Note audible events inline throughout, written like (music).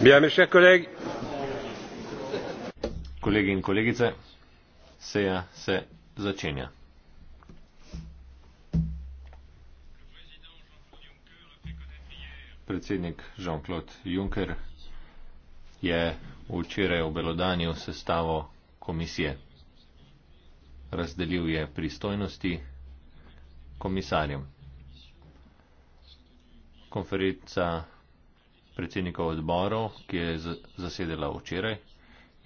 mes chers collègues kolegi in kolegice seja se začenja predsednik Jean Claude Juncker je včeraj obelodanil sestavo komisije razdelil je pristojnosti komisarjem konferenca predsednikov odborov, ki je zasedela včeraj,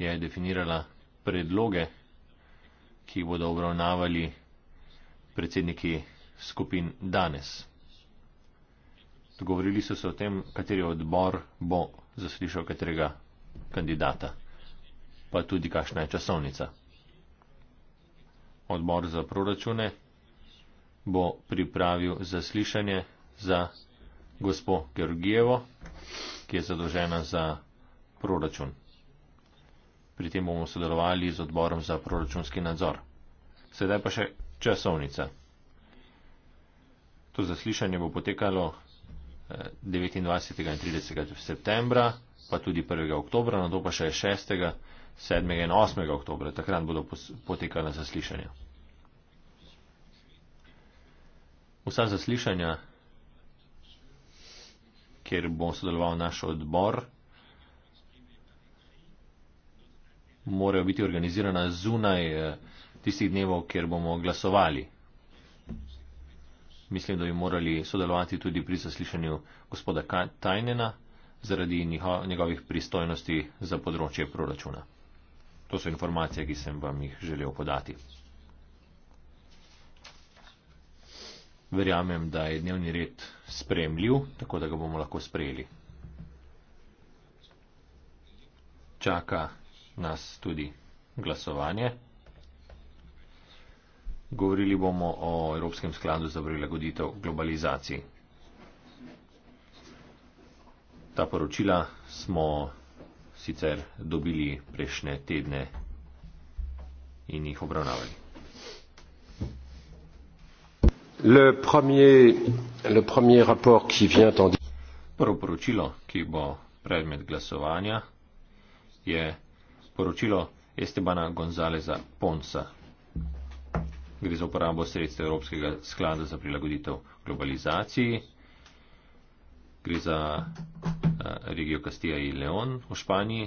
je definirala predloge, ki bodo obravnavali predsedniki skupin danes. Dogovorili so se o tem, kateri odbor bo zaslišal katerega kandidata, pa tudi kakšna je časovnica. Odbor za proračune bo pripravil zaslišanje za gospod Georgijevo, ki je zadolžena za proračun. Pri tem bomo sodelovali z odborom za proračunski nadzor. Sedaj pa še časovnica. To zaslišanje bo potekalo 29. Eh, in 30. septembra, pa tudi 1. oktobra, na to pa še 6., 7. in 8. oktobra. Takrat bodo potekala zaslišanja. Vsa zaslišanja kjer bo sodeloval naš odbor, morajo biti organizirana zunaj eh, tistih dnevov, kjer bomo glasovali. Mislim, da bi morali sodelovati tudi pri zaslišanju gospoda Tajnena zaradi njegovih pristojnosti za področje proračuna. To so informacije, ki sem vam jih želel podati. verjamem, da je dnevni red spremljiv, tako da ga bomo lahko sprejeli. Čaka nas tudi glasovanje. Govorili bomo o Evropskem skladu za prilagoditev globalizaciji. Ta poročila smo sicer dobili prejšnje tedne in jih obravnavali. Prvo poročilo, ki bo predmet glasovanja, je poročilo Estebana Gonzaleza Ponsa. Gre za uporabo sredstva Evropskega sklada za prilagoditev globalizaciji. Gre za eh, regijo Castilla in Leon v Španiji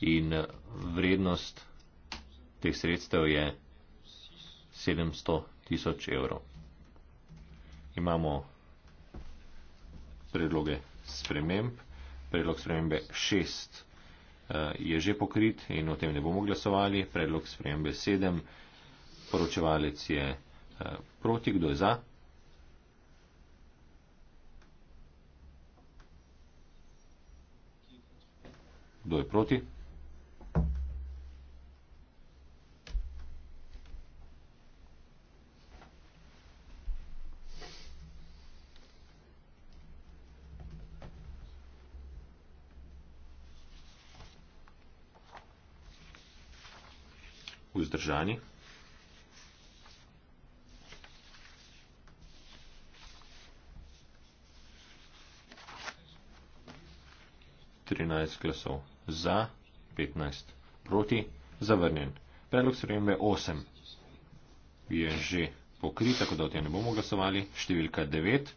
in eh, vrednost teh sredstev je 700 tisoč evrov imamo predloge sprememb. Predlog spremembe 6 eh, je že pokrit in o tem ne bomo glasovali. Predlog spremembe 7, poročevalec je eh, proti, kdo je za. Kdo je proti? vzdržani. Trinajst glasov za, petnajst proti, zavrnjen. Predlog spremembe osem je že pokrit, tako da o tem ne bomo glasovali. Številka devet,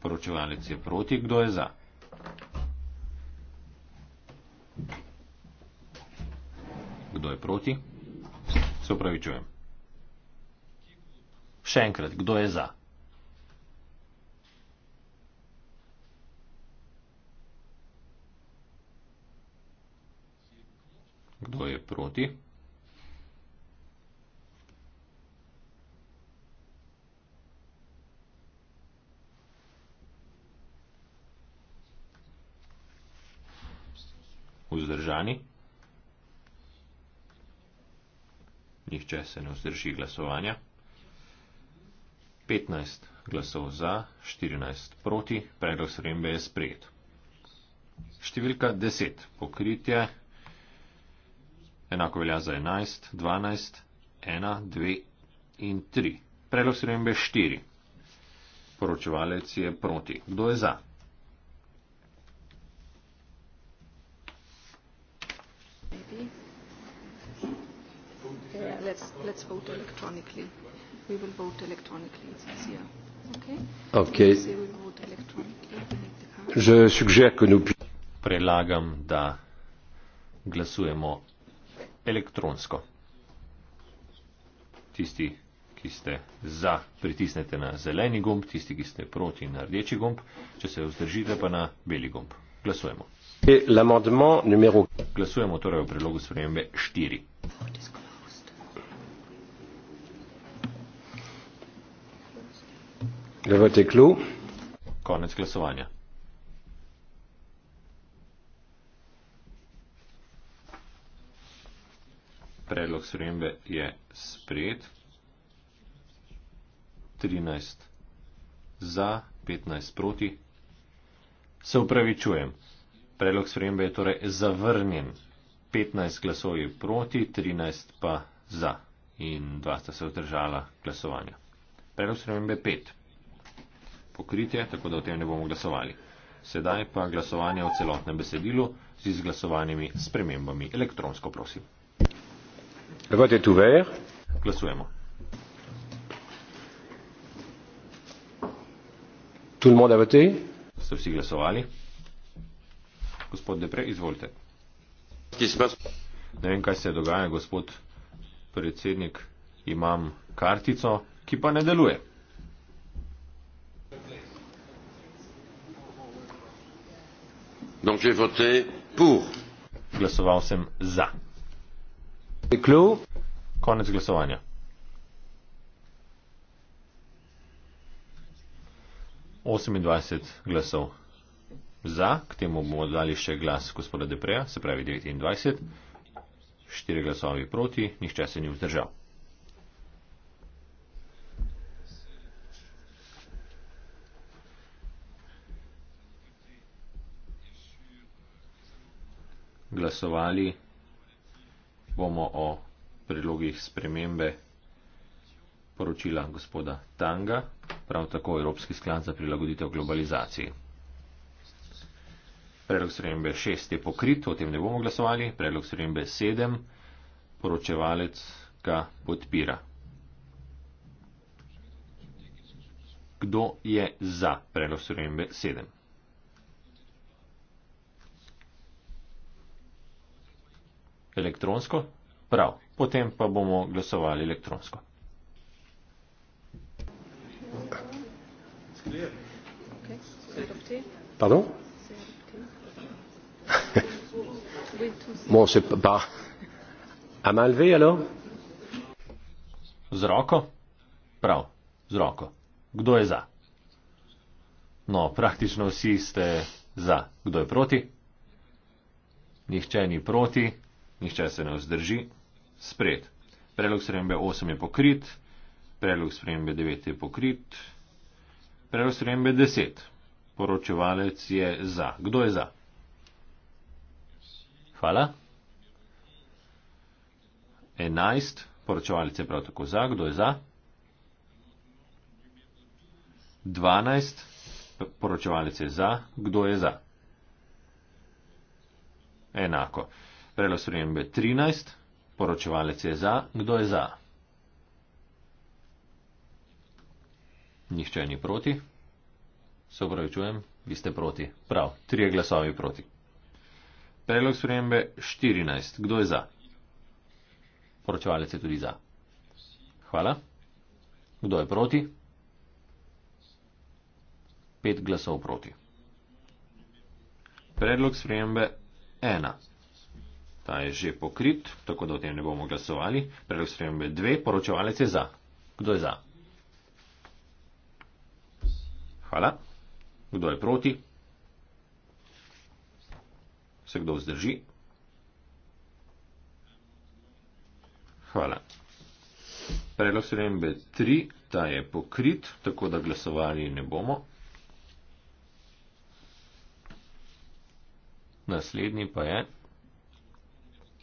poročevalec je proti, kdo je za? Kdo je proti? Se upravičujem. Še enkrat, kdo je za? Kdo je proti? Vzdržani. Nihče se ne vzdrži glasovanja. 15 glasov za, 14 proti, predlog srembe je sprejet. Številka 10. Pokritje. Enako velja za 11, 12, 1, 2 in 3. Predlog srembe 4. Poročevalec je proti. Kdo je za? let's let's vote electronically. We will vote electronically. It's easier. Okay. okay. So we vote electronically. Je suggère que nous prélagam da glasujemo elektronsko. Tisti, ki ste za, pritisnete na zeleni gumb, tisti, ki ste proti, na rdeči gumb, če se vzdržite pa na beli gumb. Glasujemo. Numero... Glasujemo torej o prilogu spremembe 4. Oh, Le vote est clos. Konec glasovanja. Predlog srembe je sprejet. 13 za, 15 proti. Se upravičujem. Predlog srembe je torej zavrnjen. 15 glasov je proti, 13 pa za. In dva sta se vzdržala glasovanja. Predlog srembe 5 pokritje, tako da o tem ne bomo glasovali. Sedaj pa glasovanje o celotnem besedilu z izglasovanimi spremembami elektronsko, prosim. Glasujemo. Ste vsi glasovali? Gospod Depre, izvolite. Ne vem, kaj se dogaja, gospod predsednik, imam kartico, ki pa ne deluje. Donc j'ai voté pour. Głosował sem za. Klu. Koniec głosowania. Osemindvajset glasov za, k temu bomo dali še glas gospoda Depreja, se pravi devetindvajset, štiri glasovi proti, nihče se ni vzdržal. glasovali bomo o predlogih spremembe poročila gospoda Tanga, prav tako Evropski sklad za prilagoditev globalizaciji. Predlog spremembe 6 je pokrit, o tem ne bomo glasovali, predlog spremembe 7 poročevalec ga podpira. Kdo je za predlog spremembe 7? elektronsko? Prav, potem pa bomo glasovali elektronsko. Pardon? (laughs) Bon, c'est pas. À main levée alors? Z roko? Prav, z roko. Kdo je za? No, praktično vsi ste za. Kdo je proti? Nihče ni proti, nihče se ne vzdrži, spred. Predlog spremembe 8 je pokrit, predlog spremembe 9 je pokrit, predlog spremembe 10. Poročevalec je za. Kdo je za? Hvala. 11. Poročevalec je prav tako za. Kdo je za? 12. Poročevalec je za. Kdo je za? Enako. Predlog spremembe 13. Poročevalec je za. Kdo je za? Nihče ni proti. Se upravičujem, vi ste proti. Prav, trije glasovi proti. Predlog spremembe 14. Kdo je za? Poročevalec je tudi za. Hvala. Kdo je proti? Pet glasov proti. Predlog spremembe 1. Ta je že pokrit, tako da o tem ne bomo glasovali. Predlog spremembe dve, poročevalec je za. Kdo je za? Hvala. Kdo je proti? Se kdo vzdrži? Hvala. Predlog spremembe tri, ta je pokrit, tako da glasovali ne bomo. Naslednji pa je.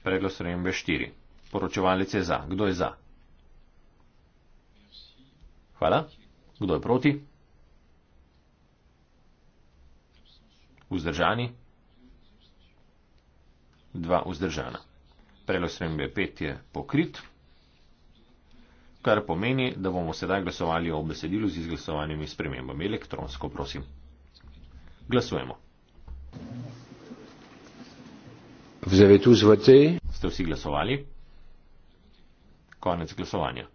Predlog sprejembe 4. Poročevalec je za. Kdo je za? Hvala. Kdo je proti? Vzdržani. Dva vzdržana. Predlog sprejembe 5 je pokrit. Kar pomeni, da bomo sedaj glasovali o besedilu z izglasovanimi spremembami elektronsko, prosim. Glasujemo. Vous avez tous voté? Ste vsi glasovali? Konec glasovanja.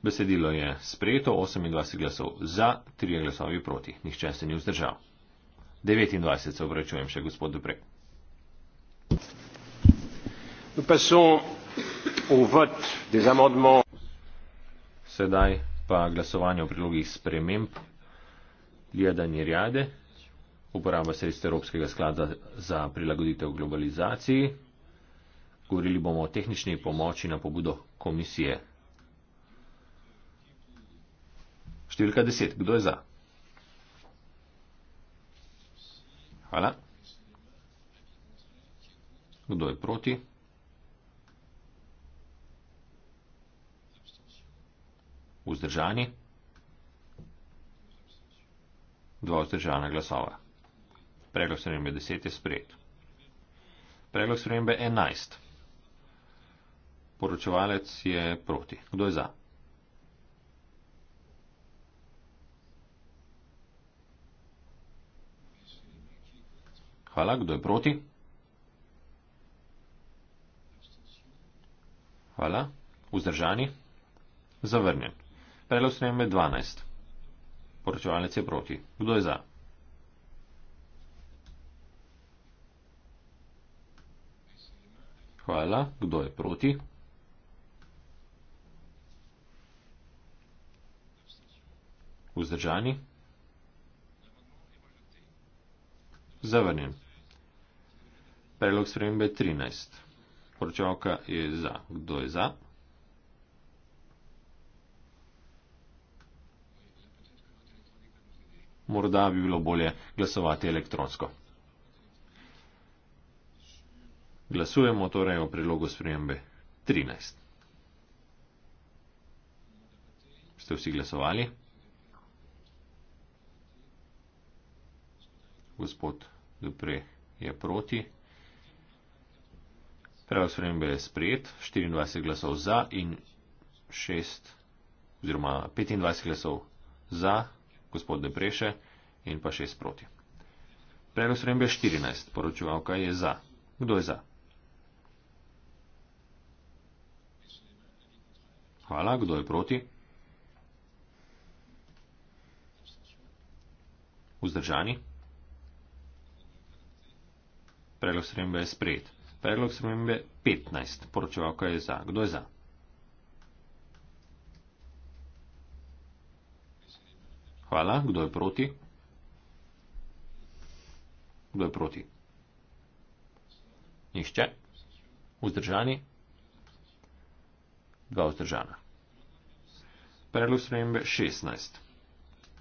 Besedilo je sprejeto 28 glasov za, 3 glasovi proti. Nihče se ni vzdržal. 29 se obračujem še gospod Dupre. Sedaj pa glasovanje o prilogih sprememb. Lijadan Jirjade uporaba sredstev Evropskega sklada za prilagoditev globalizaciji. Govorili bomo o tehnični pomoči na pobudo komisije. Številka 10. Kdo je za? Hvala. Kdo je proti? Vzdržani? Dva vzdržana glasova. Predlog spremembe 10 je sprejet. Predlog spremembe 11. Poročevalec je proti. Kdo je za? Hvala. Kdo je proti? Hvala. Vzdržani? Zavrnjen. Predlog spremembe 12. Poročevalec je proti. Kdo je za? Hvala. Kdo je proti? Vzdržani? Zavrnjen. Predlog spremembe je 13. Poročevalka je za. Kdo je za? Morda bi bilo bolje glasovati elektronsko. Glasujemo torej o predlogu spremembe 13. Ste vsi glasovali? Gospod Dupre je proti. Predlog spremembe je sprejet, 24 glasov za in 6 oziroma 25 glasov za, gospod Depreše in pa 6 proti. Predlog spremembe je 14, poročevalka je za. Kdo je za? Hvala. Kdo je proti? Vzdržani? Predlog sremembe je sprejet. Predlog sremembe 15. Poročevalka je za. Kdo je za? Hvala. Kdo je proti? Kdo je proti? Nihče? Vzdržani? dva vzdržana. Predlog spremembe 16.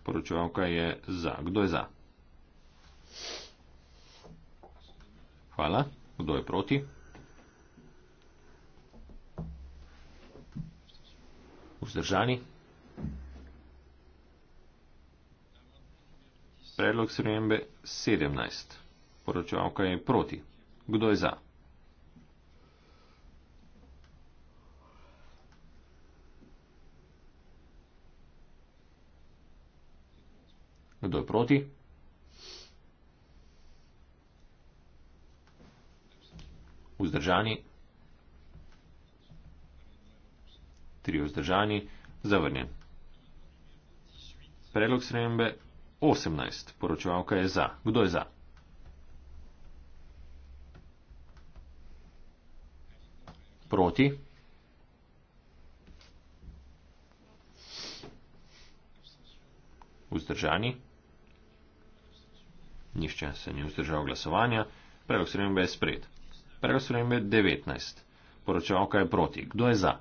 Poročevalka je za. Kdo je za? Hvala. Kdo je proti? Vzdržani. Predlog spremembe 17. Poročevalka je proti. Kdo je za? Kdo je proti? Vzdržani. Tri vzdržani. Zavrnjen. Predlog srembe 18. Poročevalka je za. Kdo je za? Proti. Vzdržani. Nišče se ni vzdržal glasovanja. Predlog spremembe je spred. Predlog spremembe 19. Poročevalka je proti. Kdo je za?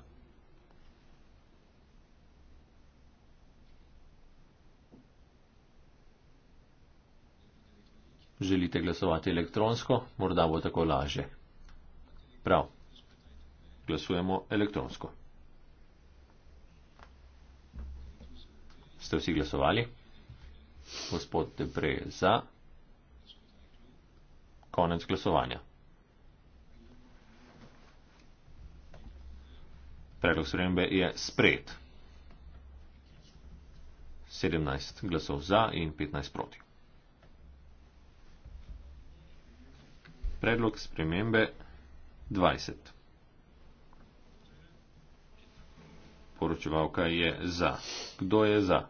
Želite glasovati elektronsko? Morda bo tako laže. Prav. Glasujemo elektronsko. Ste vsi glasovali? Gospod Debre je za. Konec glasovanja. Predlog spremembe je sprejet. 17 glasov za in 15 proti. Predlog spremembe 20. Poročevalka je za. Kdo je za?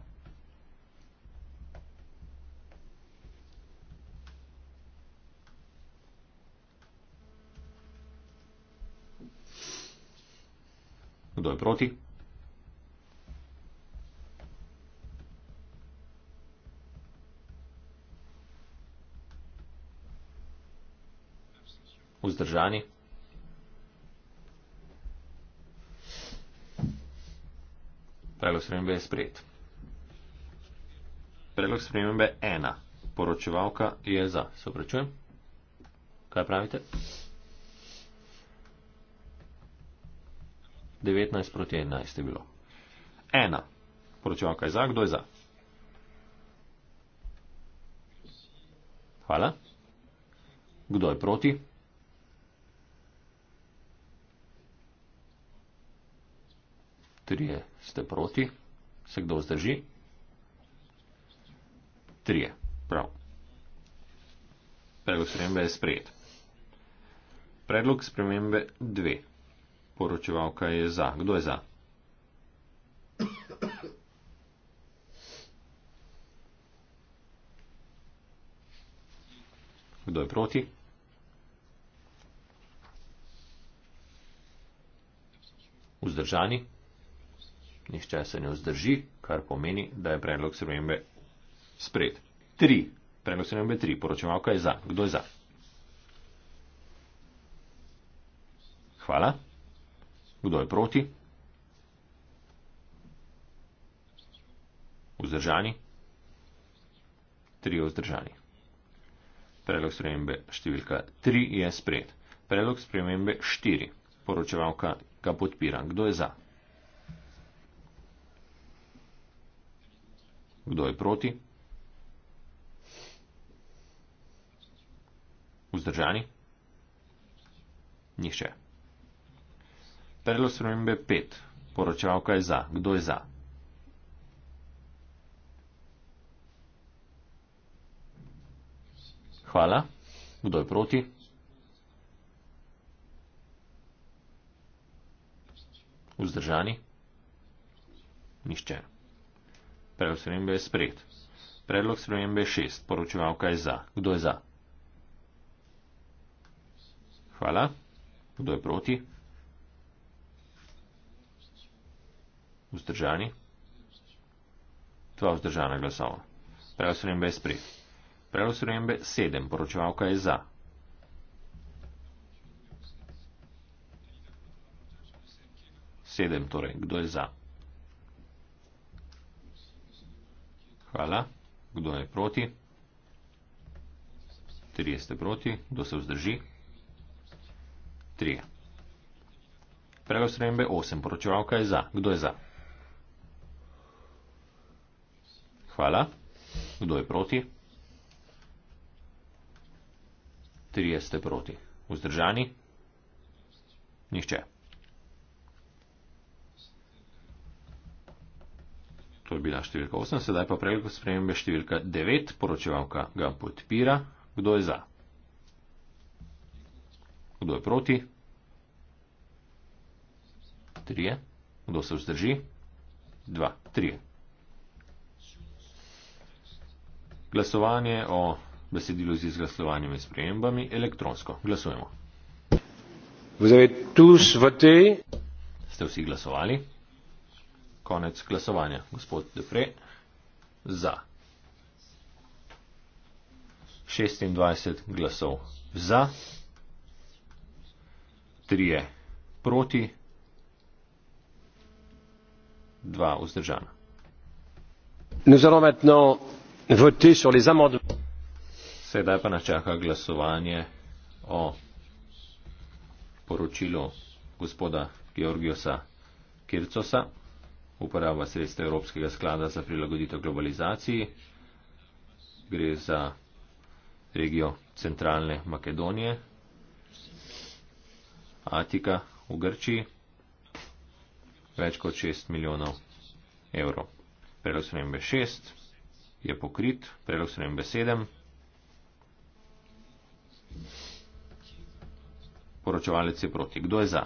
Kdo je proti? Vzdržani. Predlog spremembe je sprejet. Predlog spremembe ena. Poročevalka je za. Se opravičujem? Kaj pravite? 19 proti 11 je bilo. Ena. Poročava, kaj za, kdo je za? Hvala. Kdo je proti? Trije ste proti. Se kdo vzdrži? Trije. Prav. Predlog spremembe je sprejet. Predlog spremembe dve poročevalka je za. Kdo je za? Kdo je proti? Vzdržani? Nihče se ne vzdrži, kar pomeni, da je predlog spremembe spred. Tri. Predlog spremembe tri. Poročevalka je za. Kdo je za? Hvala. Kdo je proti? Vzdržani? Trije vzdržani. Predlog spremembe številka 3 je sprejet. Predlog spremembe 4. Poročevalka ga podpira. Kdo je za? Kdo je proti? Vzdržani? Nihče. Predlog spremembe 5. Poročevalka je za. Kdo je za? Hvala. Kdo je proti? Vzdržani? Nihče. Predlog spremembe je sprejet. Predlog spremembe 6. Poročevalka je za. Kdo je za? Hvala. Kdo je proti? vzdržani. Tva vzdržana glasova. Prelo sprejembe je sprejet. Prelo sprejembe 7. Poročevalka je za. Sedem torej. Kdo je za? Hvala. Kdo je proti? Trije ste proti. Kdo se vzdrži? Trije. Prelo sprejembe 8. Poročevalka je za. Kdo je za? Hvala. Kdo je proti? Trije ste proti. Vzdržani? Nihče. To je bila številka 8, sedaj pa predlog spremembe številka 9, poročevalka ga podpira. Kdo je za? Kdo je proti? Trije. Kdo se vzdrži? Dva. Trije. glasovanje o besedilu z izglasovanjem in sprejembami elektronsko. Glasujemo. Ste vsi glasovali? Konec glasovanja. Gospod Depre, za. 26 glasov za, 3 proti, 2 vzdržana. Nous allons maintenant voti sur les amendements. Sedaj pa nas čaka glasovanje o poročilu gospoda Georgiosa Kircosa, uporaba sredstva Evropskega sklada za prilagoditev globalizaciji. Gre za regijo centralne Makedonije, Atika v Grčiji, več kot 6 milijonov evrov. Predlog spremembe 6 je pokrit, predlog sem besedem. Poročevalec je proti. Kdo je za?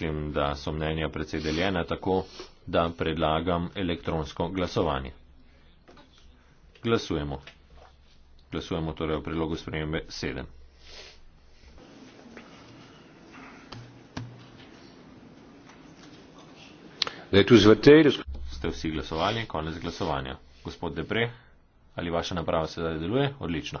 mislim, da so mnenja predvsej deljena, tako da predlagam elektronsko glasovanje. Glasujemo. Glasujemo torej o prilogu spremembe 7. Ste vsi glasovali, konec glasovanja. Gospod Depre, ali vaša naprava sedaj deluje? Odlično.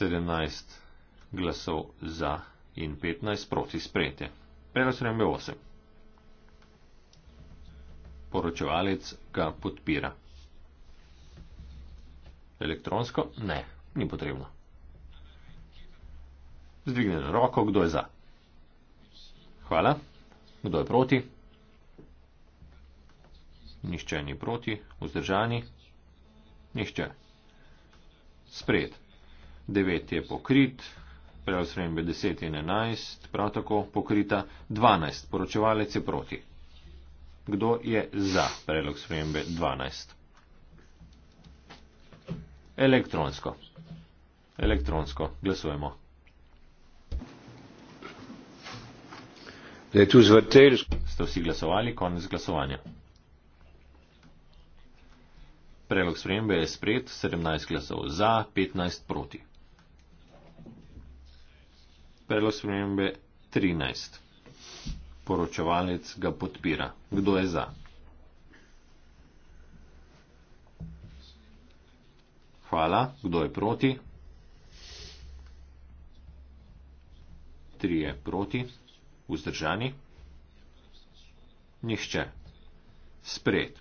17 glasov za in 15 proti sprejetje. Pero 78. Poročevalec ga podpira. Elektronsko? Ne, ni potrebno. Zdvigne roko, kdo je za. Hvala. Kdo je proti? Nihče ni proti, vzdržani. Nihče. Sprejet. 9 je pokrit, prejel srembe 10 in 11, prav tako pokrita 12, poročevalec je proti. Kdo je za predlog spremembe 12? Elektronsko. Elektronsko. Glasujemo. Ste vsi glasovali? Konec glasovanja. Predlog spremembe je spred 17 glasov za, 15 proti predlog spremembe 13. Poročevalec ga podpira. Kdo je za? Hvala. Kdo je proti? Trije proti. Vzdržani. Nihče. Spred.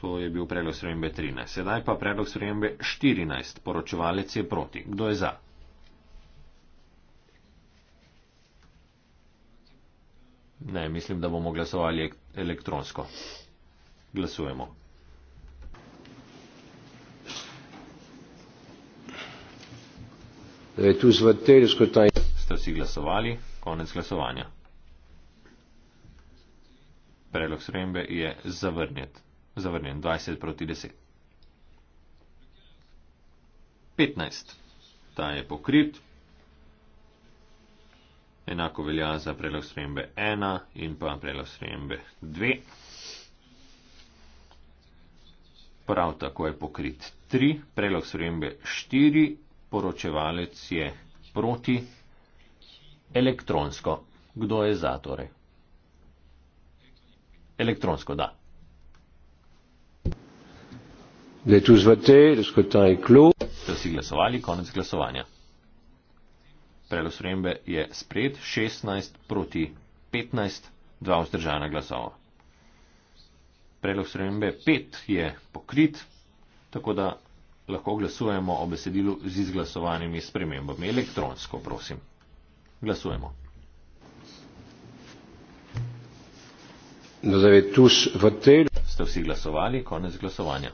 To je bil predlog spremembe 13. Sedaj pa predlog spremembe 14. Poročevalec je proti. Kdo je za? Ne, mislim, da bomo glasovali elektronsko. Glasujemo. Ste vsi glasovali? Konec glasovanja. Predlog srembe je zavrnjen. Zavrnjen 20 proti 10. 15. Ta je pokrit enako velja za predlog spremembe 1 in pa predlog spremembe 2. Prav tako je pokrit 3, predlog spremembe 4, poročevalec je proti elektronsko. Kdo je za torej? Elektronsko, da. Da si glasovali, konec glasovanja predlog srembe je spred 16 proti 15, dva vzdržana glasova. Predlog srembe 5 je pokrit, tako da lahko glasujemo o besedilu z izglasovanimi spremembami elektronsko, prosim. Glasujemo. Ste vsi glasovali, konec glasovanja.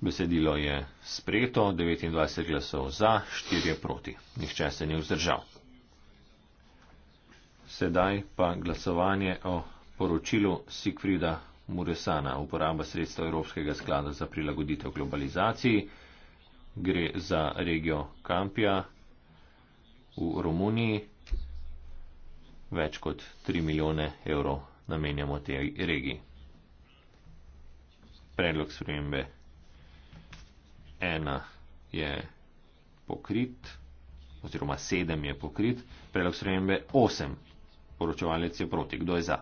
Besedilo je sprejeto, 29 glasov za, 4 proti. Nihče se ni vzdržal. Sedaj pa glasovanje o poročilu Sikfrida Muresana, uporaba sredstva Evropskega sklada za prilagoditev globalizaciji. Gre za regijo Kampija v Romuniji. Več kot 3 milijone evrov namenjamo tej regiji. Predlog spremembe ena je pokrit, oziroma sedem je pokrit, predlog spremembe osem. Poročevalec je proti. Kdo je za?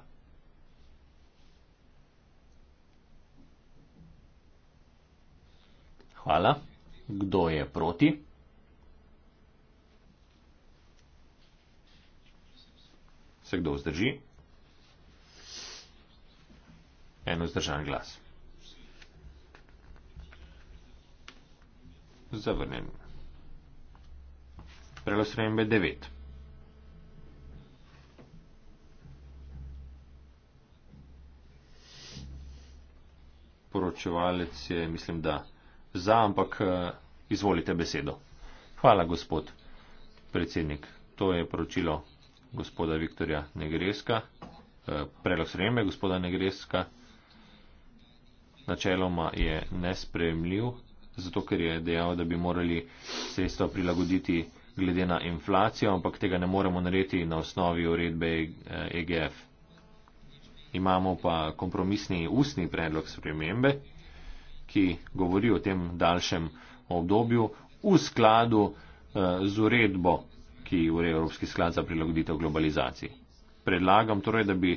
Hvala. Kdo je proti? Se kdo vzdrži? En vzdržan glas. zavrnjen. Prelosrembe 9. Poročevalec je, mislim, da za, ampak eh, izvolite besedo. Hvala, gospod predsednik. To je poročilo gospoda Viktorja Negreska, eh, predlog sreme gospoda Negreska. Načeloma je nespremljiv, zato ker je dejal, da bi morali sredstva prilagoditi glede na inflacijo, ampak tega ne moremo narediti na osnovi uredbe EGF. Eh, e Imamo pa kompromisni ustni predlog spremembe, ki govori o tem daljšem obdobju v skladu eh, z uredbo, ki ureja Evropski sklad za prilagoditev globalizaciji. Predlagam torej, da bi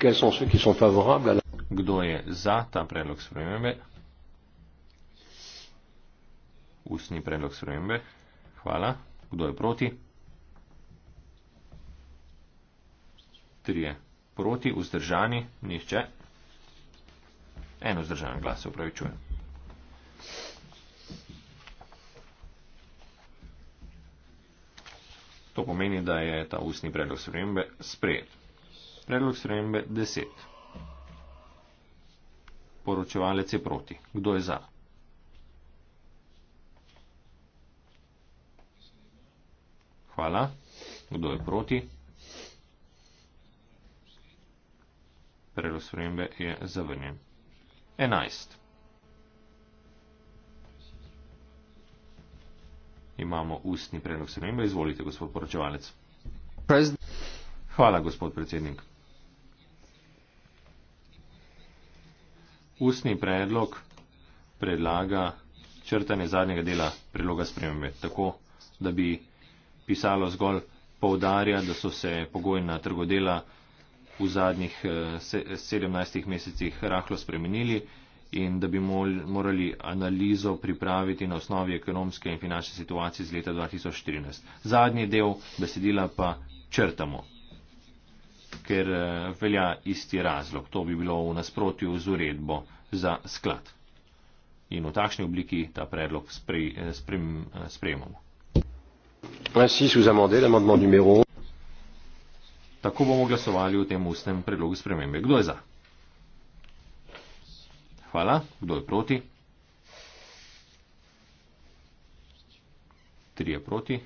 quels sont ceux qui sont favorables à la... Kdo je za ta predlog spremembe? Ustni predlog spremembe. Hvala. Kdo je proti? Trije proti, vzdržani, nihče. En vzdržan glas se upravičuje. To pomeni, da je ta ustni predlog spremembe sprejet. Predlog spremembe 10. Poročevalec je proti. Kdo je za? Hvala. Kdo je proti? Predlog spremembe je zavrnjen. 11. Imamo ustni predlog spremembe. Izvolite, gospod poročevalec. Hvala, gospod predsednik. ustni predlog predlaga črtanje zadnjega dela predloga spremembe, tako da bi pisalo zgolj poudarja, da so se pogoji na trgodela v zadnjih 17 eh, mesecih rahlo spremenili in da bi morali analizo pripraviti na osnovi ekonomske in finančne situacije z leta 2014. Zadnji del besedila pa črtamo ker eh, velja isti razlog. To bi bilo v nasprotju z uredbo za sklad. In v takšni obliki ta predlog eh, eh, sprejemamo. Tako bomo glasovali v tem ustnem predlogu spremembe. Kdo je za? Hvala. Kdo je proti? Tri je proti.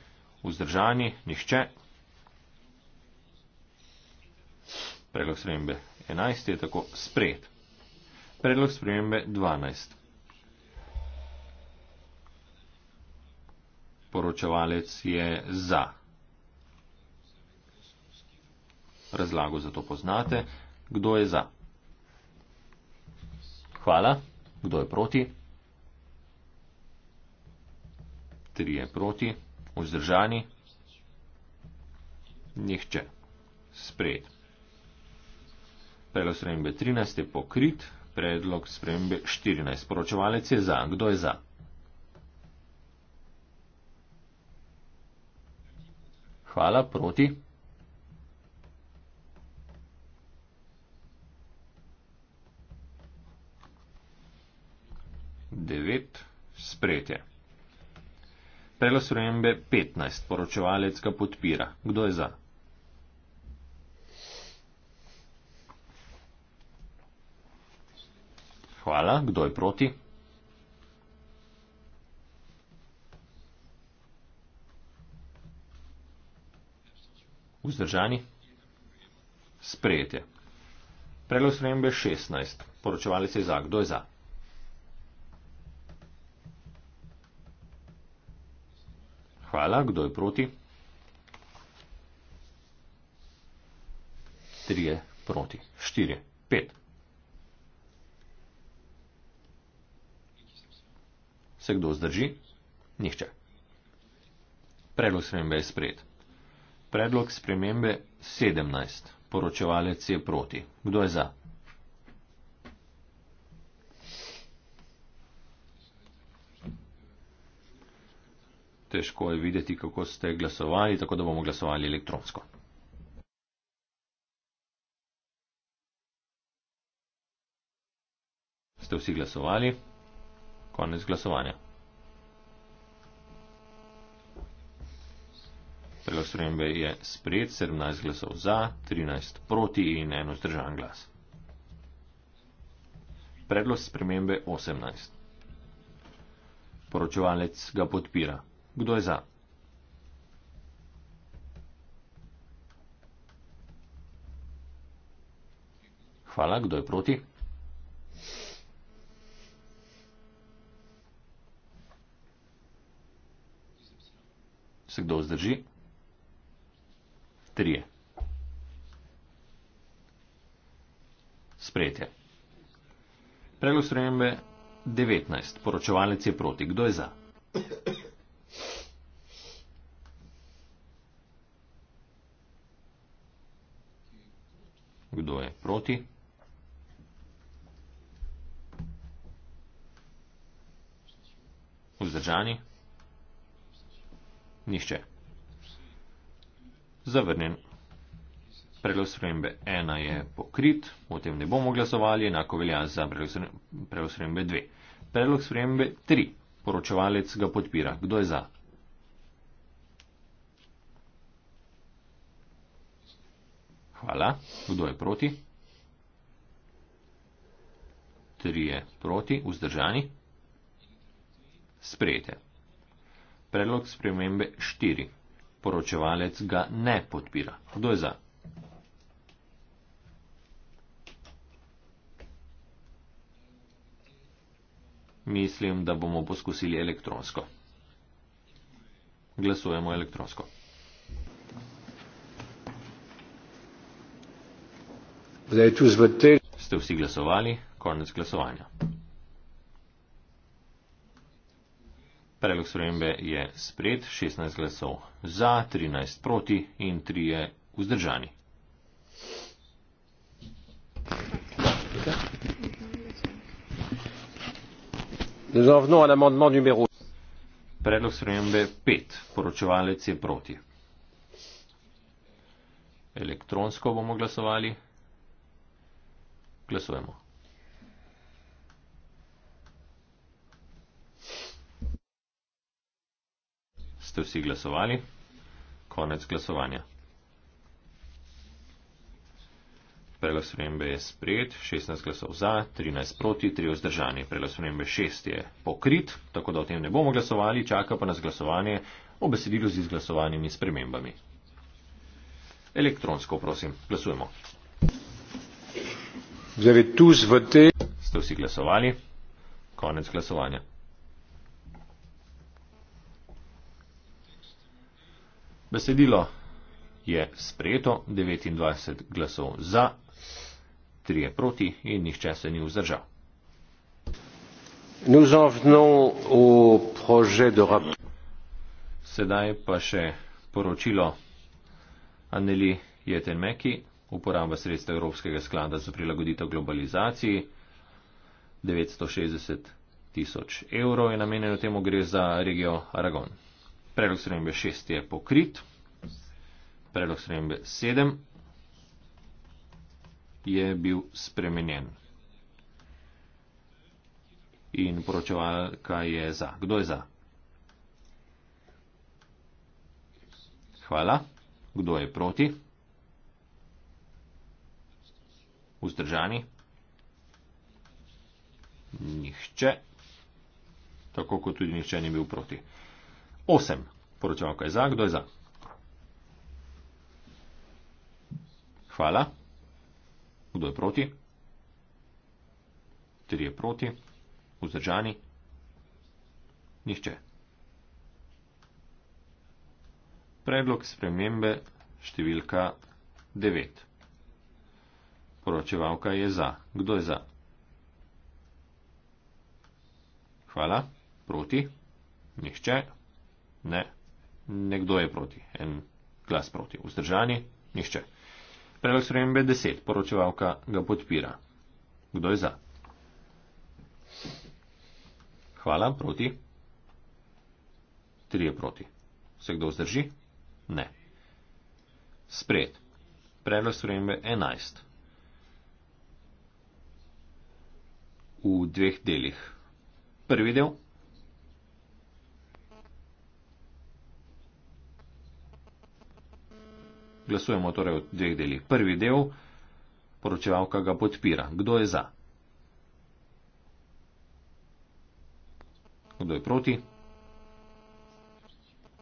Vzdržani. Nihče. Predlog spremembe 11 je tako sprejet. Predlog spremembe 12. Poročevalec je za. Razlago za to poznate. Kdo je za? Hvala. Kdo je proti? Tri je proti. Vzdržani? Nihče. Sprejet predlog spremembe 13 je pokrit, predlog spremembe 14. Poročevalec je za. Kdo je za? Hvala, proti. Devet, sprejetje. Predlog spremembe 15. Poročevalec ga podpira. Kdo je za? Hvala. Kdo je proti? Vzdržani? Sprejete. Predlog spremembe 16. Poročevalce je za. Kdo je za? Hvala. Kdo je proti? Trije proti. Štirje. Pet. Se kdo zdrži? Nihče. Predlog spremembe je spred. Predlog spremembe 17. Poročevalec je proti. Kdo je za? Težko je videti, kako ste glasovali, tako da bomo glasovali elektronsko. Ste vsi glasovali? Konec glasovanja. Predlog spremembe je sprejet, 17 glasov za, 13 proti in eno zdržan glas. Predlog spremembe 18. Poročevalec ga podpira. Kdo je za? Hvala, kdo je proti? Se kdo zdrži? Trije. Sprejetje. Predlog spremembe 19. Poročevalec je proti. Kdo je za? Kdo je proti? Vzdržani? Nihče. Zavrnjen. Predlog spremembe 1 je pokrit, o tem ne bomo glasovali, enako velja za predlog spremembe 2. Predlog spremembe 3. Poročevalec ga podpira. Kdo je za? Hvala. Kdo je proti? Tri je proti, vzdržani. Sprejete predlog spremembe 4. Poročevalec ga ne podpira. Kdo je za? Mislim, da bomo poskusili elektronsko. Glasujemo elektronsko. Ste vsi glasovali? Konec glasovanja. Predlog spremembe je spred 16 glasov za, 13 proti in 3 je vzdržani. Predlog spremembe 5. Poročevalec je proti. Elektronsko bomo glasovali. Glasujemo. ste vsi glasovali. Konec glasovanja. Predlog spremembe je sprejet, 16 glasov za, 13 proti, 3 vzdržani. Predlog spremembe 6 je pokrit, tako da o tem ne bomo glasovali, čaka pa nas glasovanje o besedilu z izglasovanimi spremembami. Elektronsko, prosim, glasujemo. Ste vsi glasovali? Konec glasovanja. Besedilo je sprejeto, 29 glasov za, 3 proti in nihče se ni vzdržal. Sedaj pa še poročilo Anneli Jetenmeki, uporaba sredstva Evropskega sklada za prilagoditev globalizaciji. 960 tisoč evrov je namenjeno temu, gre za regijo Aragon. Predlog spremembe 6 je pokrit, predlog spremembe 7 je bil spremenjen. In poročevalka je za. Kdo je za? Hvala. Kdo je proti? Vzdržani? Nihče. Tako kot tudi nihče ni bil proti. 8. Poročavka je za, kdo je za? Hvala. Kdo je proti? Tri je proti, vzdržani? Nihče. Predlog spremembe številka 9. Poročevalka je za. Kdo je za? Hvala. Proti? Nihče. Ne. Nekdo je proti. En glas proti. Vzdržani? Nihče. Predlog spremembe 10. Poročevalka ga podpira. Kdo je za? Hvala. Proti? Tri je proti. Se kdo vzdrži? Ne. Spred. Predlog spremembe 11. V dveh delih. Prvi del glasujemo torej v dveh delih. Prvi del, poročevalka ga podpira. Kdo je za? Kdo je proti?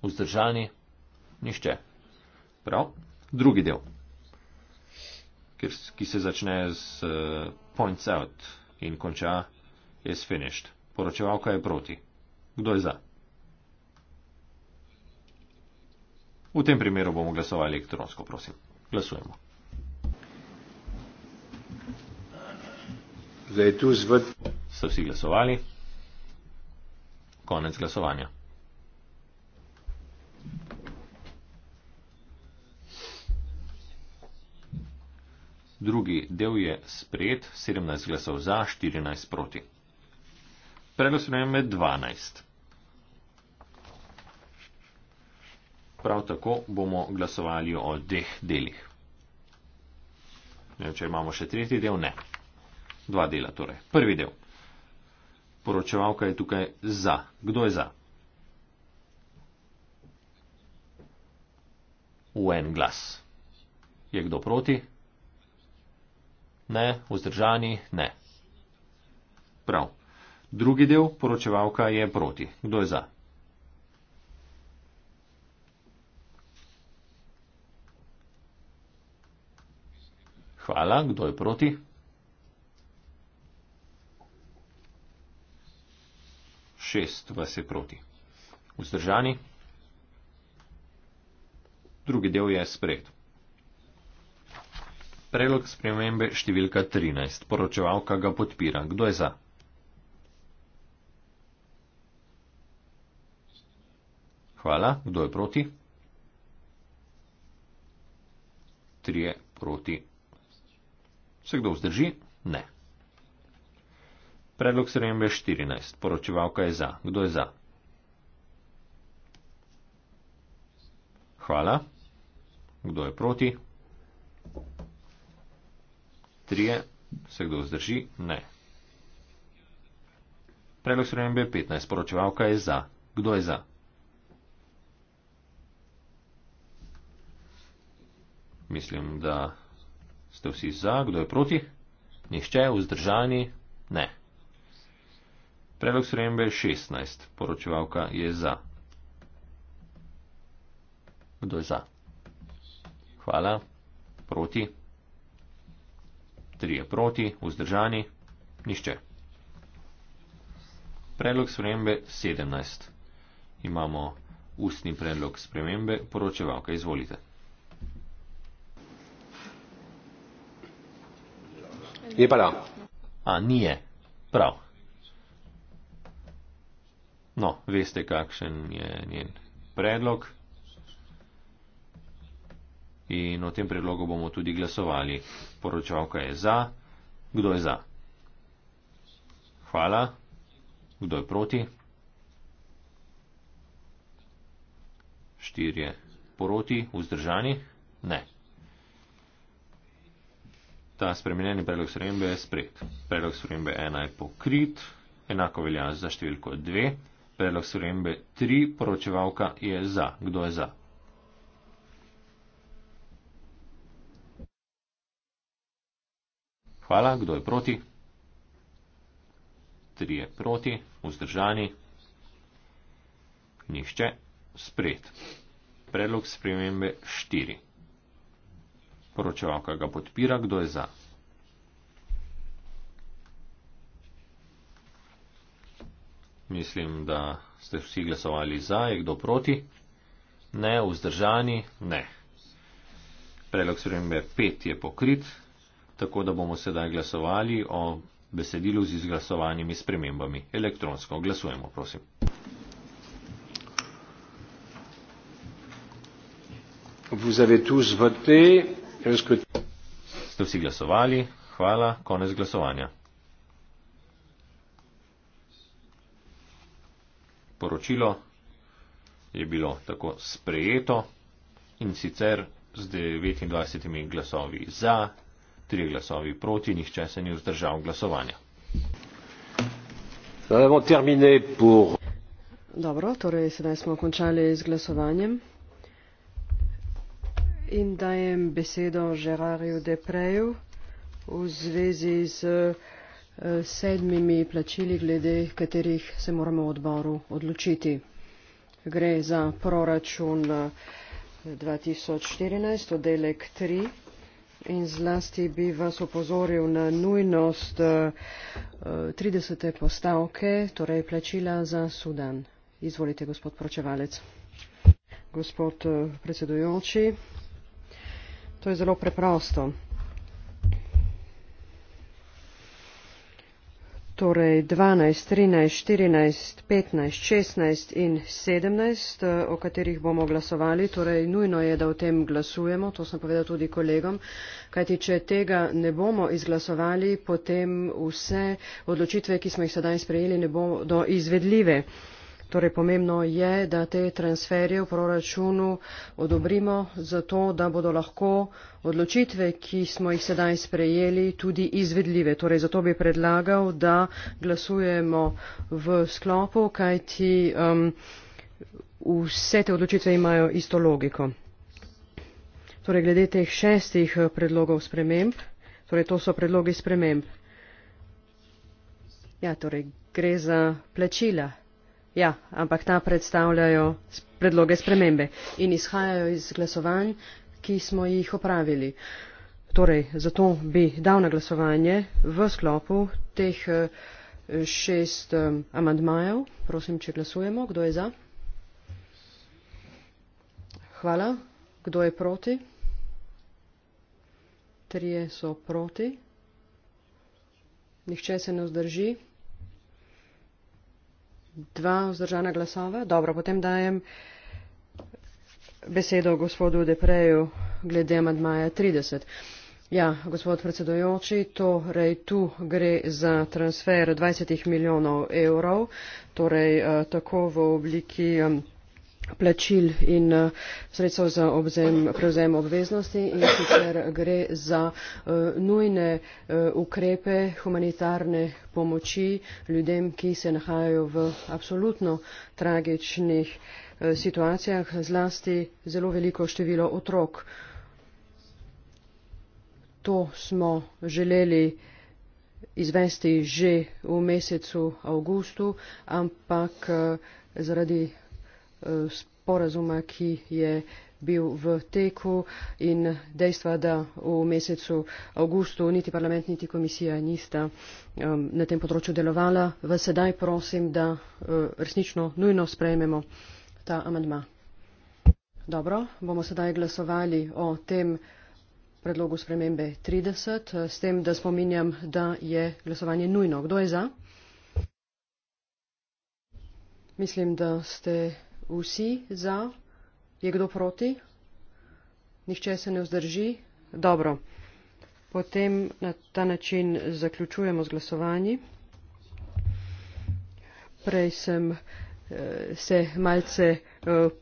Vzdržani? Nišče. Prav. Drugi del, kjer, ki se začne z uh, eh, points out in konča, je finished. Poročevalka je proti. Kdo je za? V tem primeru bomo glasovali elektronsko, prosim. Glasujemo. Zdaj tu zvrt. So vsi glasovali? Konec glasovanja. Drugi del je sprejet, 17 glasov za, 14 proti. Predlog sprememe 12. prav tako bomo glasovali o dveh delih. Ne, ja, če imamo še tretji del, ne. Dva dela torej. Prvi del. Poročevalka je tukaj za. Kdo je za? V en glas. Je kdo proti? Ne, vzdržani, ne. Prav. Drugi del poročevalka je proti. Kdo je za? Hvala, kdo je proti? Šest vas je proti. Vzdržani? Drugi del je sprejet. Predlog spremembe številka 13. Poročevalka ga podpira. Kdo je za? Hvala. Kdo je proti? Trije proti Se kdo vzdrži? Ne. Predlog sprejembe 14. Poročevalka je za. Kdo je za? Hvala. Kdo je proti? Trije. Se kdo vzdrži? Ne. Predlog sprejembe 15. Poročevalka je za. Kdo je za? Mislim, da Ste vsi za, kdo je proti? Nihče, vzdržani? Ne. Predlog sprejembe 16. Poročevalka je za. Kdo je za? Hvala. Proti? Tri je proti, vzdržani? Nihče. Predlog sprejembe 17. Imamo ustni predlog spremembe, poročevalka izvolite. Je pa da. A ni je. Prav. No, veste, kakšen je njen predlog. In o tem predlogu bomo tudi glasovali. Poročavka je za. Kdo je za? Hvala. Kdo je proti? Štirje proti, vzdržani? Ne ta spremenjeni predlog spremembe je sprejet. Predlog spremembe 1 je pokrit, enako velja za številko 2. Predlog spremembe 3 poročevalka je za. Kdo je za? Hvala, kdo je proti? Tri je proti, vzdržani, nihče, sprejet. Predlog spremembe 4 poročevalka ga podpira, kdo je za. Mislim, da ste vsi glasovali za, je kdo proti? Ne, vzdržani, ne. Predlog spremembe 5 je pokrit, tako da bomo sedaj glasovali o besedilu z izglasovanimi spremembami. Elektronsko glasujemo, prosim. Vous avez tous voté. Ste vsi glasovali? Hvala. Konec glasovanja. Poročilo je bilo tako sprejeto in sicer z 29 glasovi za, 3 glasovi proti, nihče se ni vzdržal glasovanja. Dobro, torej sedaj smo končali z glasovanjem in dajem besedo Žerarju Depreju v zvezi z eh, sedmimi plačili, glede katerih se moramo v odboru odločiti. Gre za proračun 2014, eh, oddelek 3 in zlasti bi vas opozoril na nujnost 30. Eh, postavke, torej plačila za Sudan. Izvolite, gospod pročevalec. Gospod predsedujoči, to je zelo preprosto torej dvanajst trinajst štirinajst petnajst šestnajst in sedemnajst eh, o katerih bomo glasovali torej nujno je da o tem glasujemo to sem povedal tudi kolegom kajti če tega ne bomo izglasovali potem vse odločitve ki smo jih sedaj sprejeli ne bodo izvedljive Torej, pomembno je, da te transferje v proračunu odobrimo, zato da bodo lahko odločitve, ki smo jih sedaj sprejeli, tudi izvedljive. Torej, zato bi predlagal, da glasujemo v sklopu, kajti um, vse te odločitve imajo isto logiko. Torej, glede teh šestih eh, predlogov sprememb, torej to so predlogi sprememb. Ja, torej, gre za plačila. Ja, ampak ta predstavljajo predloge spremembe in izhajajo iz glasovanj, ki smo jih opravili. Torej, zato bi dal na glasovanje v sklopu teh eh, šest eh, amandmajev. Prosim, če glasujemo, kdo je za? Hvala. Kdo je proti? Trije so proti. Nihče se ne vzdrži. Dva vzdržana glasova. Dobro, potem dajem besedo gospodu Depreju glede amadmaja 30. Ja, gospod predsedojoči, torej tu gre za transfer 20 milijonov evrov, torej eh, tako v obliki. Um, plačil in eh, sredstev za obzem, prevzem obveznosti in sicer gre za uh, nujne uh, ukrepe humanitarne pomoči ljudem, ki se nahajajo v absolutno tragičnih uh, situacijah, zlasti zelo veliko število otrok. To smo želeli izvesti že v mesecu avgustu, ampak uh, zaradi sporazuma, ki je bil v teku in dejstva, da v mesecu avgustu niti parlament, niti komisija nista um, na tem področju delovala. V sedaj prosim, da uh, resnično nujno sprejmemo ta amandma. Dobro, bomo sedaj glasovali o tem predlogu spremembe 30, eh, s tem, da spominjam, da je glasovanje nujno. Kdo je za? Mislim, da ste vsi za, je kdo proti, nihče se ne vzdrži. Dobro, potem na ta način zaključujemo z glasovanji. Prej sem eh, se malce eh,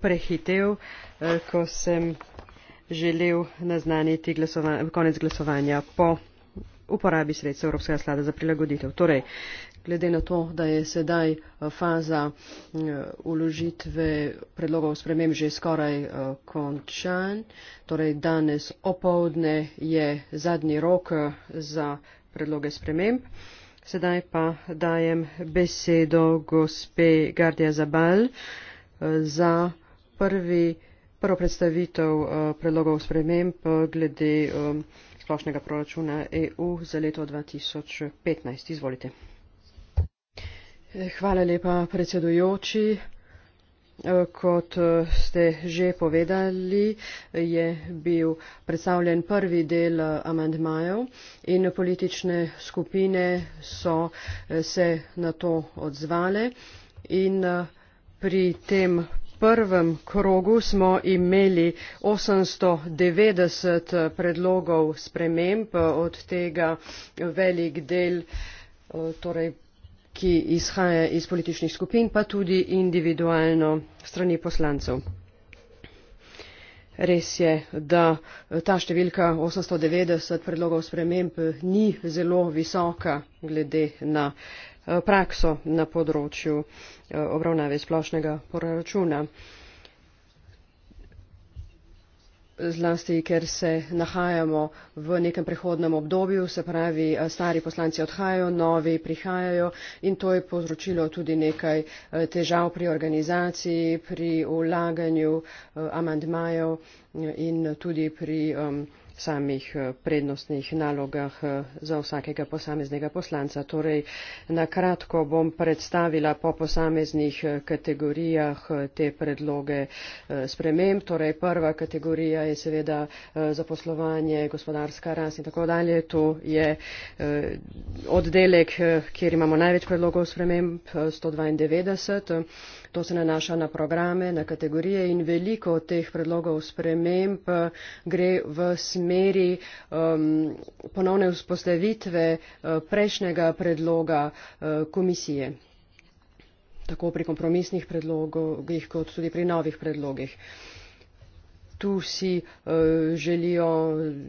prehitev, eh, ko sem želel naznaniti glasovan konec glasovanja po uporabi sredstev Evropskega slada za prilagoditev. Torej, glede na to, da je sedaj eh, faza eh, uložitve predlogov sprememb že skoraj eh, končan. Torej danes opovdne je zadnji rok za predloge sprememb. Sedaj pa dajem besedo gospe Gardia Zabal za prvi, prvo predstavitev predlogov sprememb glede splošnega proračuna EU za leto 2015. Izvolite. Hvala lepa, predsedujoči. Eh, kot eh, ste že povedali, je bil predstavljen prvi del eh, amandmajev in politične skupine so se na to odzvale in pri tem prvem krogu smo imeli 890 predlogov sprememb, od tega velik del, torej ki izhaja iz političnih skupin pa tudi individualno strani poslancev. Res je, da ta številka 890 predlogov sprememb ni zelo visoka glede na eh, prakso na področju eh, obravnave splošnega proračuna zlasti ker se nahajamo v nekem prehodnem obdobju, se pravi, eh, stari poslanci odhajajo, novi prihajajo in to je povzročilo tudi nekaj eh, težav pri organizaciji, pri ulaganju eh, amandmajev in tudi pri um, samih eh, prednostnih nalogah eh, za vsakega posameznega poslanca. Torej, na kratko bom predstavila po posameznih eh, kategorijah te predloge sprememb. Torej, prva kategorija je seveda zaposlovanje, gospodarska rast in tako dalje. Tu je oddelek, kjer imamo največ predlogov sprememb, 192. To se nanaša na programe, na kategorije in veliko od teh predlogov sprememb eh, gre v smeri um, ponovne vzpostavitve eh, prejšnjega predloga eh, komisije tako pri kompromisnih predlogih, kot tudi pri novih predlogih. Tu si uh, želijo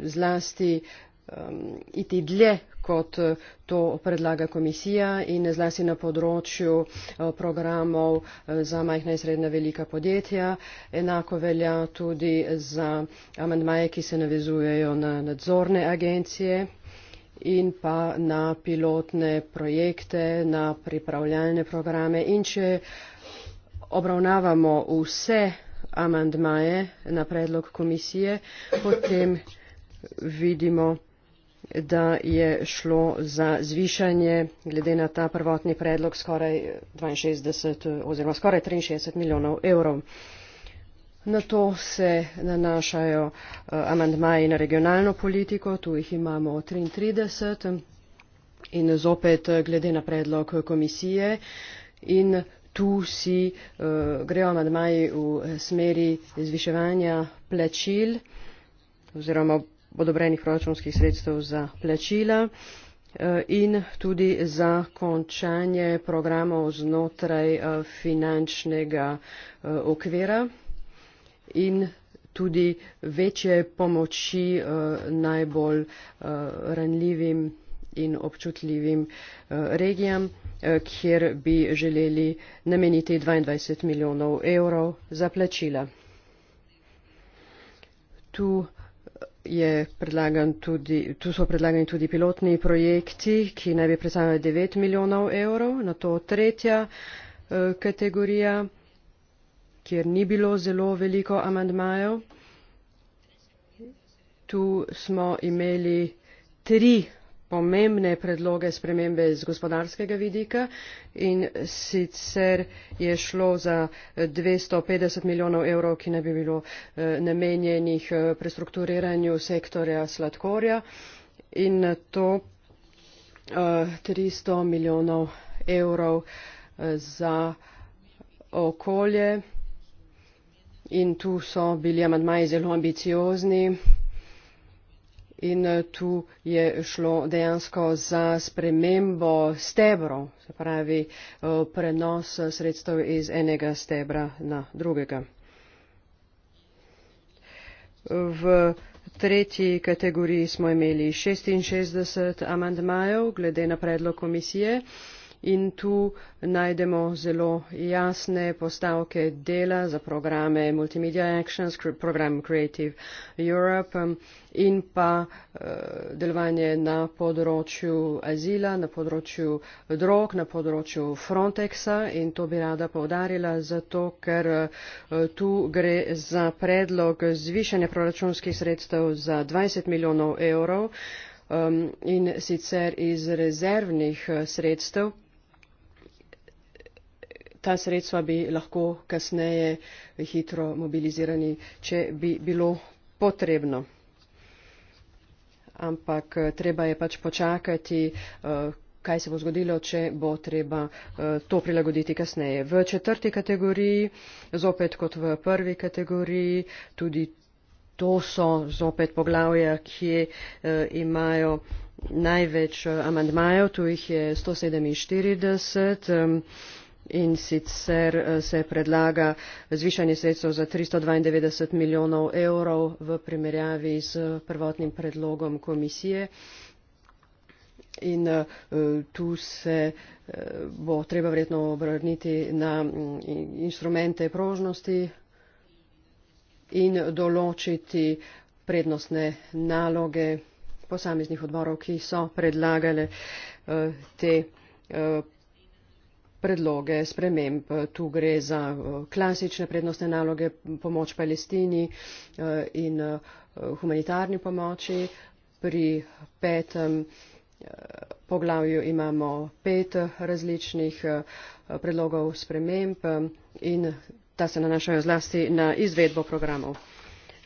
zlasti um, iti dlje kot eh, to predlaga komisija in zlasti na področju eh, programov eh, za majhna in srednja velika podjetja. Enako velja tudi za amandmaje, ki se navezujejo na nadzorne agencije in pa na pilotne projekte, na pripravljalne programe. In če obravnavamo vse amandmaje na predlog komisije, potem vidimo, da je šlo za zvišanje glede na ta prvotni predlog skoraj 62 oziroma skoraj 63 milijonov evrov. Na to se nanašajo eh, amandmaji na regionalno politiko, tu jih imamo 33 in zopet eh, glede na predlog eh, komisije in tu si grejo amandmaji v smeri zviševanja plačil oziroma odobrenih proračunskih sredstev za plačila eh, in tudi za končanje programov znotraj eh, finančnega eh, okvira in tudi večje pomoči najbolj ranljivim in občutljivim regijam, kjer bi želeli nameniti 22 milijonov evrov za plačila. Tu tu so predlagani tudi pilotni projekti, ki naj bi predstavljali 9 milijonov evrov, na to tretja eh, kategorija, kjer ni bilo zelo veliko amandmajev. Tu smo imeli tri pomembne predloge spremembe z gospodarskega vidika in sicer je šlo za dvesto petdeset milijonov evrov ki naj bi bilo eh, namenjenih eh, prestrukturiranju sektorja sladkorja in nato eh, tristo milijonov evrov za okolje in tu so bili amandmaji zelo ambiciozni in eh, tu je šlo dejansko za spremembo stebrov, se pravi eh, prenos eh, sredstev iz enega stebra na drugega. V tretji kategoriji smo imeli 66 amandmajev glede na predlog komisije in tu najdemo zelo jasne postavke dela za programe Multimedia Actions, program Creative Europe um, in pa uh, delovanje na področju azila, na področju drog, na področju Frontexa in to bi rada povdarila zato, ker uh, tu gre za predlog zvišanja proračunskih sredstev za 20 milijonov evrov um, in sicer iz rezervnih uh, sredstev, ta sredstva bi lahko kasneje hitro mobilizirani, če bi bilo potrebno. Ampak eh, treba je pač počakati, eh, kaj se bo zgodilo, če bo treba eh, to prilagoditi kasneje. V četrti kategoriji, zopet kot v prvi kategoriji, tudi to so zopet poglavja, ki imajo največ amandmajev, tu jih je 147 in sicer eh, se predlaga zvišanje sredstev za tristo dvaindevetdeset milijonov evrov v primerjavi s prvotnim predlogom komisije in eh, tu se eh, bo treba verjetno obrniti na mm, instrumente prožnosti in določiti prednostne naloge posameznih odborov ki so predlagale te predloge sprememb. Tu gre za eh, klasične prednostne naloge, pomoč Palestini eh, in eh, humanitarni pomoči. Pri petem poglavju imamo pet različnih predlogov sprememb in ta se nanašajo zlasti na izvedbo programov.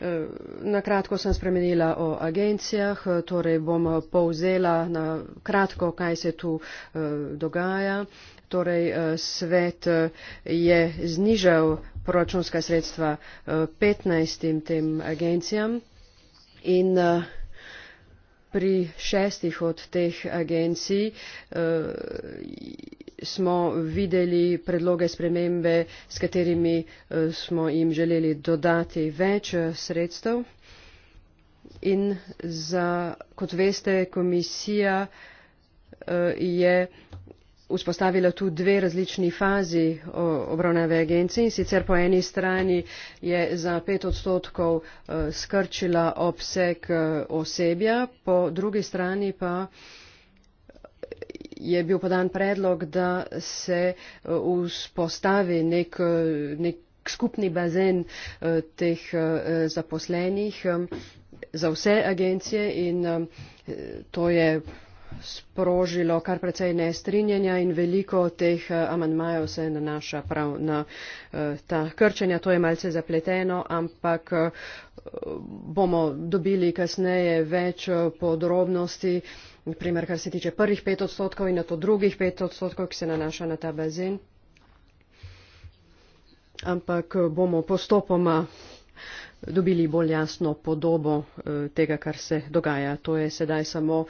Eh, na kratko sem spremenila o agencijah, eh, torej bom povzela na kratko, kaj se tu eh, dogaja. Torej, svet je znižal proračunska sredstva 15 tem agencijam in pri šestih od teh agencij eh, smo videli predloge spremembe, s katerimi eh, smo jim želeli dodati več eh, sredstev. In za, kot veste, komisija je vzpostavila tu dve različni fazi obravnave agencij in sicer po eni strani je za pet odstotkov e, skrčila obseg e, osebja, po drugi strani pa je bil podan predlog, da se e, vzpostavi nek, nek skupni bazen teh zaposlenih za vse agencije in to je sprožilo kar precej nestrinjanja in veliko teh eh, amandmajev se nanaša prav na eh, ta krčenja. To je malce zapleteno, ampak eh, bomo dobili kasneje več podrobnosti, primer, kar se tiče prvih pet odstotkov in na to drugih pet odstotkov, ki se nanaša na ta bazen. Ampak bomo postopoma dobili bolj jasno podobo tega, kar se dogaja. To je sedaj samo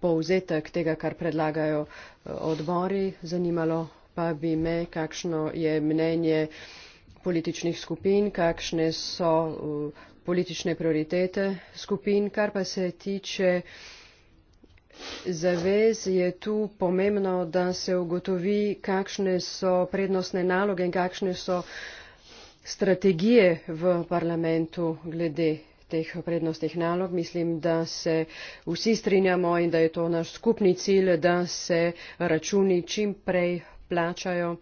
povzetek tega, kar predlagajo eh, odbori. Zanimalo pa bi me, kakšno je mnenje političnih skupin, kakšne so eh, politične prioritete skupin. Kar pa se tiče zavez, je tu pomembno, da se ugotovi, kakšne so prednostne naloge in kakšne so strategije v parlamentu glede teh prednostnih nalog mislim, da se vsi strinjamo in da je to naš skupni cilj, da se računi čim prej plačajo.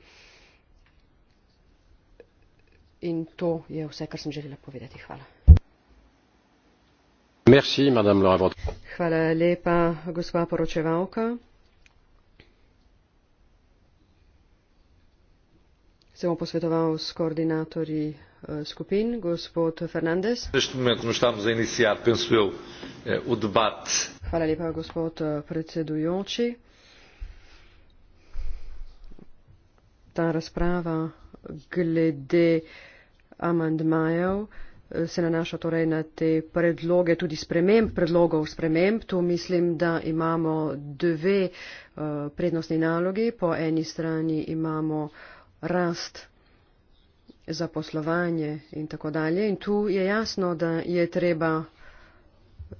In to je vse, kar sem želela povedati. Hvala. Merci, Hvala lepa, gospa poročevalka. se bom posvetoval s koordinatorji eh, skupin. Gospod Fernandez. Eh, Hvala lepa, gospod eh, predsedujoči. Ta razprava glede amandmajev se nanaša torej na te predloge, tudi sprememb, predlogov sprememb. Tu mislim, da imamo dve uh, prednostni nalogi. Po eni strani imamo uh, rast, zaposlovanje in tako dalje. In tu je jasno, da je treba eh,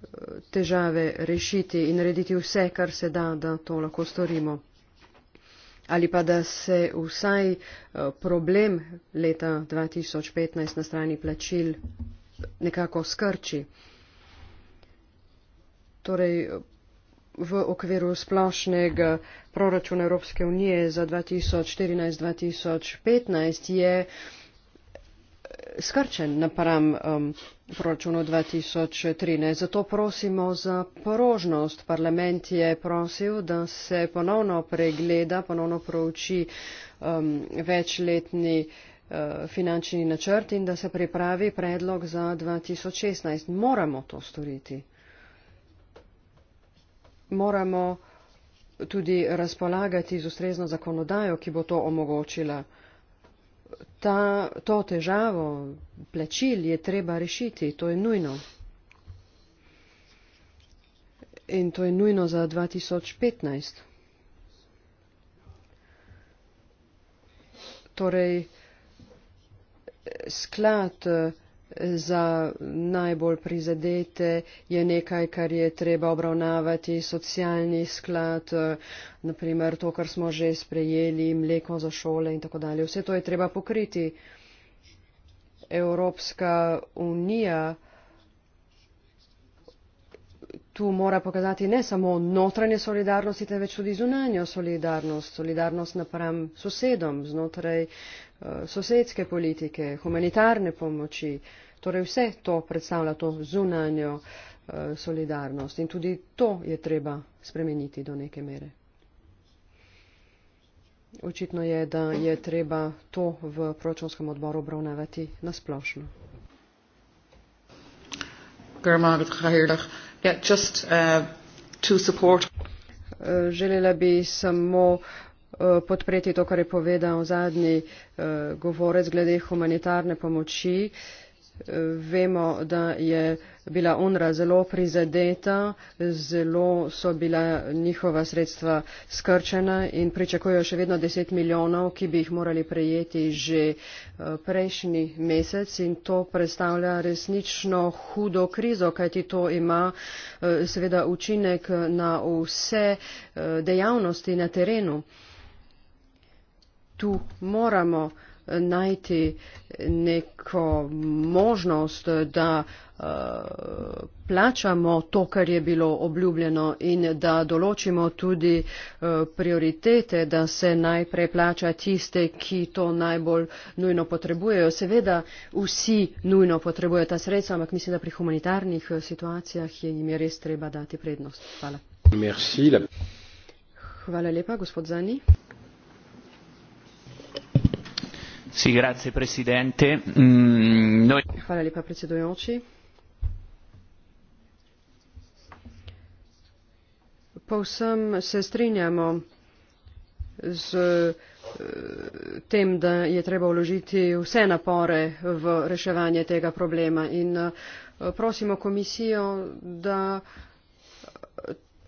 težave rešiti in narediti vse, kar se da, da to lahko storimo. Ali pa da se vsaj eh, problem leta 2015 na strani plačil nekako skrči. Torej, v okviru splošnega proračuna Evropske unije za 2014-2015 je eh, skrčen na param um, proračunu 2013. Zato prosimo za porožnost. Parlament je prosil, da se ponovno pregleda, ponovno prouči um, večletni eh, finančni načrt in da se pripravi predlog za 2016. Moramo to storiti moramo tudi razpolagati z ustrezno zakonodajo, ki bo to omogočila. Ta, to težavo plačil je treba rešiti, to je nujno. In to je nujno za 2015. Torej, sklad. Uh, za najbolj prizadete je nekaj, kar je treba obravnavati, socialni sklad, eh, naprimer to, kar smo že sprejeli, mleko za šole in tako dalje. Vse to je treba pokriti. Evropska unija tu mora pokazati ne samo notranje solidarnosti, temveč tudi zunanjo solidarnost, solidarnost napram sosedom znotraj eh, sosedske politike, humanitarne pomoči. Uh, Torej vse to predstavlja to zunanjo eh, solidarnost in tudi to je treba spremeniti do neke mere. Očitno je, da je treba to v pročovskem odboru obravnavati nasplošno. Uh, eh, želela bi samo eh, podpreti to, kar je povedal zadnji govorec glede humanitarne pomoči. Vemo, da je bila UNRA zelo prizadeta, zelo so bila njihova sredstva skrčena in pričakujejo še vedno 10 milijonov, ki bi jih morali prejeti že eh, prejšnji mesec in to predstavlja resnično hudo krizo, kajti to ima eh, seveda učinek na vse eh, dejavnosti na terenu. Tu moramo najti neko možnost, da eh, plačamo to, kar je bilo obljubljeno in da določimo tudi eh, prioritete, da se najprej plača tiste, ki to najbolj nujno potrebujejo. Seveda vsi nujno potrebujejo ta sredstva, ampak mislim, da pri humanitarnih eh, situacijah je jim je res treba dati prednost. Hvala. Merci. Hvala lepa, gospod Zani. Mm, hvala lepa predsedujoči povsem se strinjamo s eh, tem da je treba vložiti vse napore v reševanje tega problema in eh, prosimo komisijo da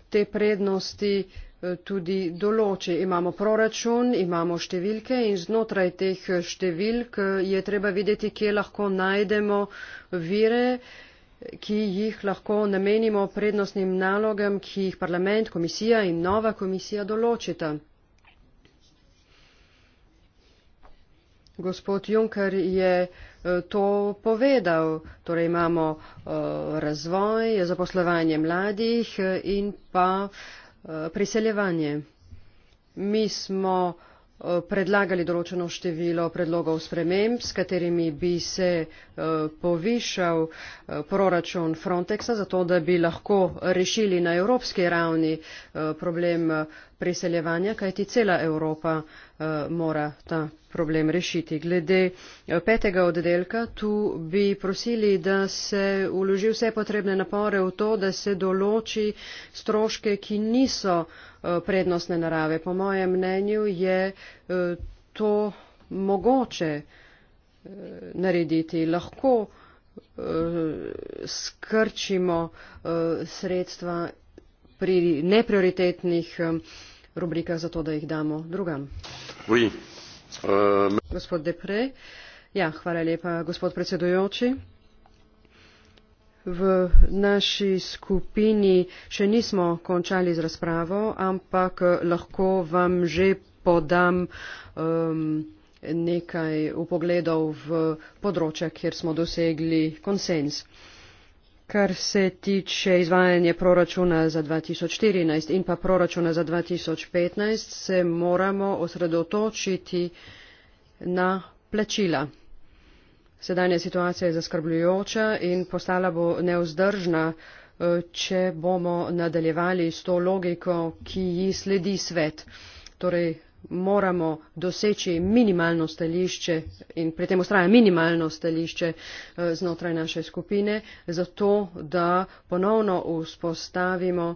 te prednosti Eh, tudi določi. Imamo proračun, imamo številke in znotraj teh številk eh, je treba videti, kje lahko najdemo vire, ki jih lahko namenimo prednostnim nalogam, ki jih parlament, komisija in nova komisija določita. Gospod Juncker je eh, to povedal, torej imamo razvoj, zaposlovanje mladih in pa Eh, priseljevanje. Mi smo eh, predlagali določeno število predlogov sprememb, s katerimi bi se eh, povišal proračun Frontexa, zato da bi lahko rešili na evropski ravni problem priseljevanja, kajti cela Evropa Eh, mora ta problem rešiti. Glede eh, petega oddelka, tu bi prosili, da se uloži vse potrebne napore v to, da se določi stroške, ki niso eh, prednostne narave. Po mojem mnenju je to mogoče narediti. Lahko skrčimo sredstva pri neprioritetnih rubrikah zato, da jih damo drugam. Oui. Uh, gospod Depre, ja, hvala lepa, gospod predsedujoči. V naši skupini še nismo končali z razpravo, ampak eh, lahko vam že podam um, nekaj upogledov v področja, kjer smo dosegli konsens. Uh, Kar se tiče izvajanja proračuna za 2014 in pa proračuna za 2015, se moramo osredotočiti na plačila. Sedanja situacija je zaskrbljujoča in postala bo neozdržna, če bomo nadaljevali s to logiko, ki ji sledi svet. Torej, moramo doseči minimalno stališče in pri tem ustraja minimalno stališče eh, znotraj naše skupine, zato da ponovno vzpostavimo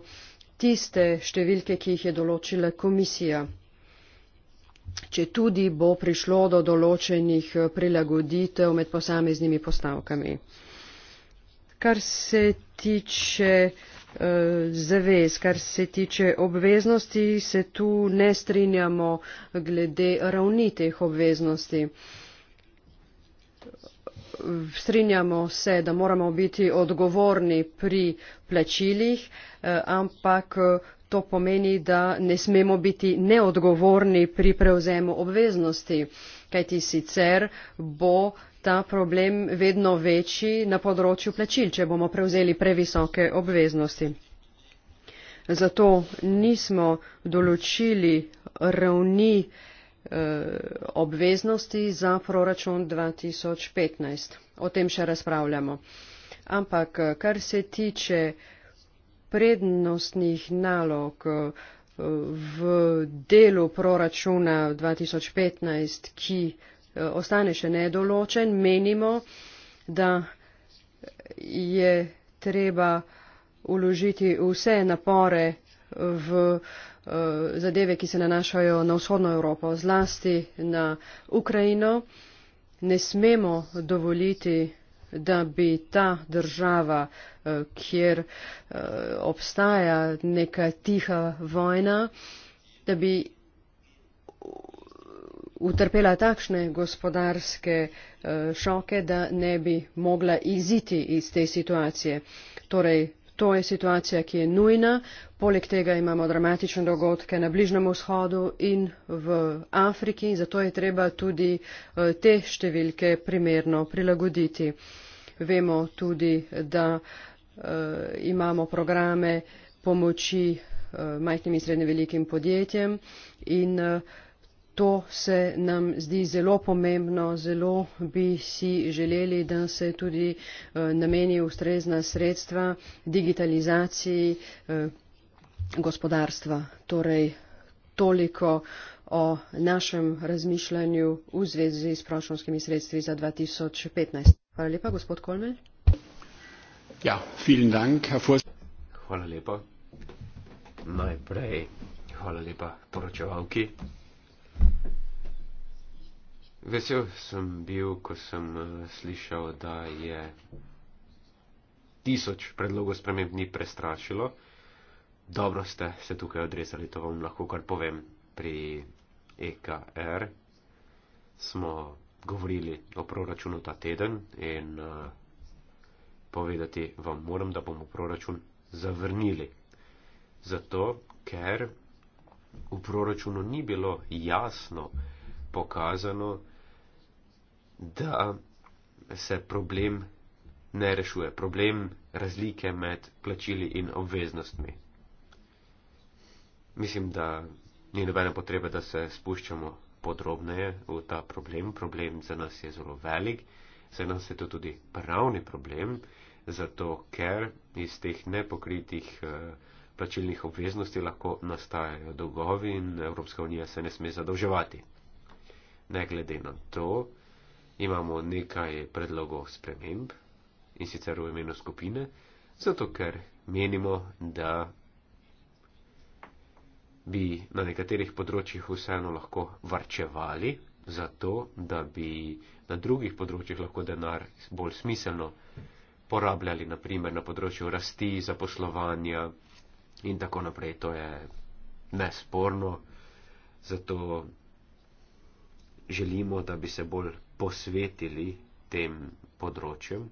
tiste številke, ki jih je določila komisija. Če tudi bo prišlo do določenih eh, prilagoditev med posameznimi postavkami. Kar se tiče Eh, zavez. Kar se tiče obveznosti, se tu ne strinjamo glede ravni teh obveznosti. Strinjamo se, da moramo biti odgovorni pri plačilih, eh, ampak eh, to pomeni, da ne smemo biti neodgovorni pri prevzemu obveznosti, kajti sicer bo ta problem vedno večji na področju plačil, če bomo prevzeli previsoke obveznosti. Zato nismo določili ravni eh, obveznosti za proračun 2015. O tem še razpravljamo. Ampak eh, kar se tiče prednostnih nalog eh, v delu proračuna 2015, ki Eh, ostane še nedoločen. Menimo, da je treba uložiti vse napore v eh, zadeve, ki se nanašajo na vzhodno Evropo, zlasti na Ukrajino. Ne smemo dovoliti, da bi ta država, eh, kjer obstaja neka tiha vojna, da bi utrpela takšne gospodarske eh, šoke, da ne bi mogla iziti iz te situacije. Torej, to je situacija, ki je nujna. Poleg tega imamo dramatične dogodke na Bližnjem vzhodu in v Afriki, zato je treba tudi eh, te številke primerno prilagoditi. Vemo tudi, da eh, imamo programe pomoči majhnim in srednje velikim podjetjem in uh, to se nam zdi zelo pomembno, zelo bi si želeli, da se tudi eh, nameni ustrezna sredstva digitalizaciji eh, gospodarstva. Torej, toliko o našem razmišljanju v zvezi s proračunskimi sredstvi za 2015. Hvala lepa, gospod Kolmelj. Ja, vielen Dank, Herr Vors. Hvala lepa. Najprej hvala lepa poročevalki. Vesel sem bil, ko sem eh, slišal, da je tisoč predlogov sprememb ni prestrašilo. Dobro ste se tukaj odrezali, to vam lahko kar povem. Pri EKR smo govorili o proračunu ta teden in eh, povedati vam moram, da bomo proračun zavrnili. Zato, ker v proračunu ni bilo jasno pokazano, da se problem ne rešuje, problem razlike med plačili in obveznostmi. Mislim, da ni nobene potrebe, da se spuščamo podrobneje v ta problem. Problem za nas je zelo velik, za nas je to tudi pravni problem, zato ker iz teh nepokritih eh, plačilnih obveznosti lahko nastajajo dolgovi in Evropska unija se ne sme zadolževati. Ne glede na to, imamo nekaj predlogov sprememb in sicer v imenu skupine, zato ker menimo, da bi na nekaterih področjih vseeno lahko varčevali, zato da bi na drugih področjih lahko denar bolj smiselno porabljali, naprimer na področju rasti, zaposlovanja in tako naprej. To je nesporno, zato želimo, da bi se bolj posvetili tem področjem.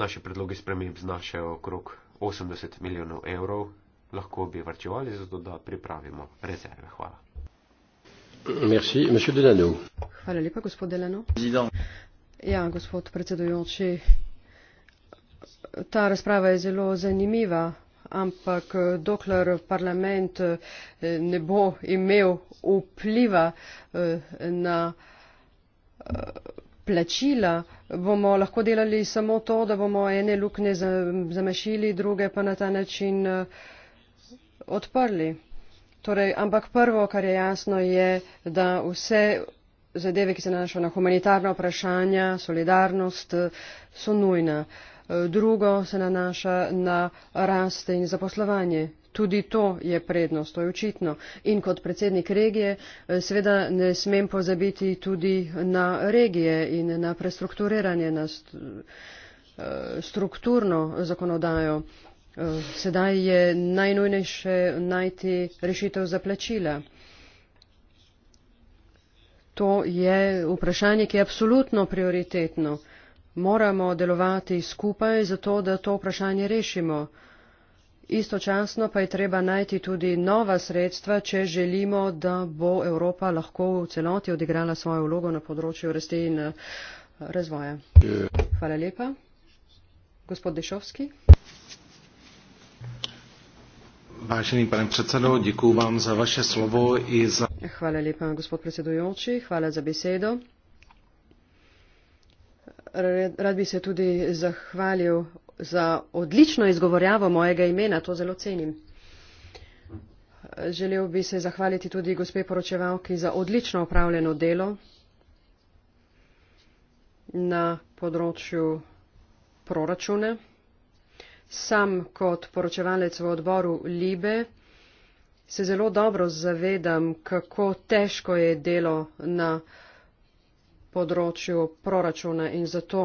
Naše predloge sprememb znašajo okrog 80 milijonov evrov. Lahko bi varčevali za to, da pripravimo rezerve. Hvala. Merci, Hvala lepa, gospod Delano. Ja, gospod predsedujoči, ta razprava je zelo zanimiva ampak eh, dokler parlament eh, ne bo imel vpliva eh, na plačila, bomo lahko delali samo to, da bomo ene lukne zamašili, druge pa na ta način odprli. Torej, ampak prvo, kar je jasno, je, da vse zadeve, ki se nanašajo na humanitarno vprašanje, solidarnost, so nujna. Uh, drugo se nanaša na raste in zaposlovanje. Tudi to je prednost, to je očitno. In kot predsednik regije eh, seveda ne smem pozabiti tudi na regije in na prestrukturiranje, na eh, strukturno zakonodajo. Eh, sedaj je najnujnejše najti rešitev za plačila. To je vprašanje, ki je absolutno prioritetno moramo delovati skupaj zato, da to vprašanje rešimo. Istočasno pa je treba najti tudi nova sredstva, če želimo, da bo Evropa lahko v celoti odigrala svojo vlogo na področju rasti in eh, razvoja. Hvala lepa. Gospod Dešovski. Važeni panem predsedo, děkuji vam za vaše slovo i za... Hvala lepa, gospod predsedujoči, hvala za besedo rad bi se tudi zahvalil za odlično izgovorjavo mojega imena, to zelo cenim. Želel bi se zahvaliti tudi gospe poročevalki za odlično upravljeno delo na področju proračune. Sam kot poročevalec v odboru Libe se zelo dobro zavedam, kako težko je delo na proračune področju proračuna in zato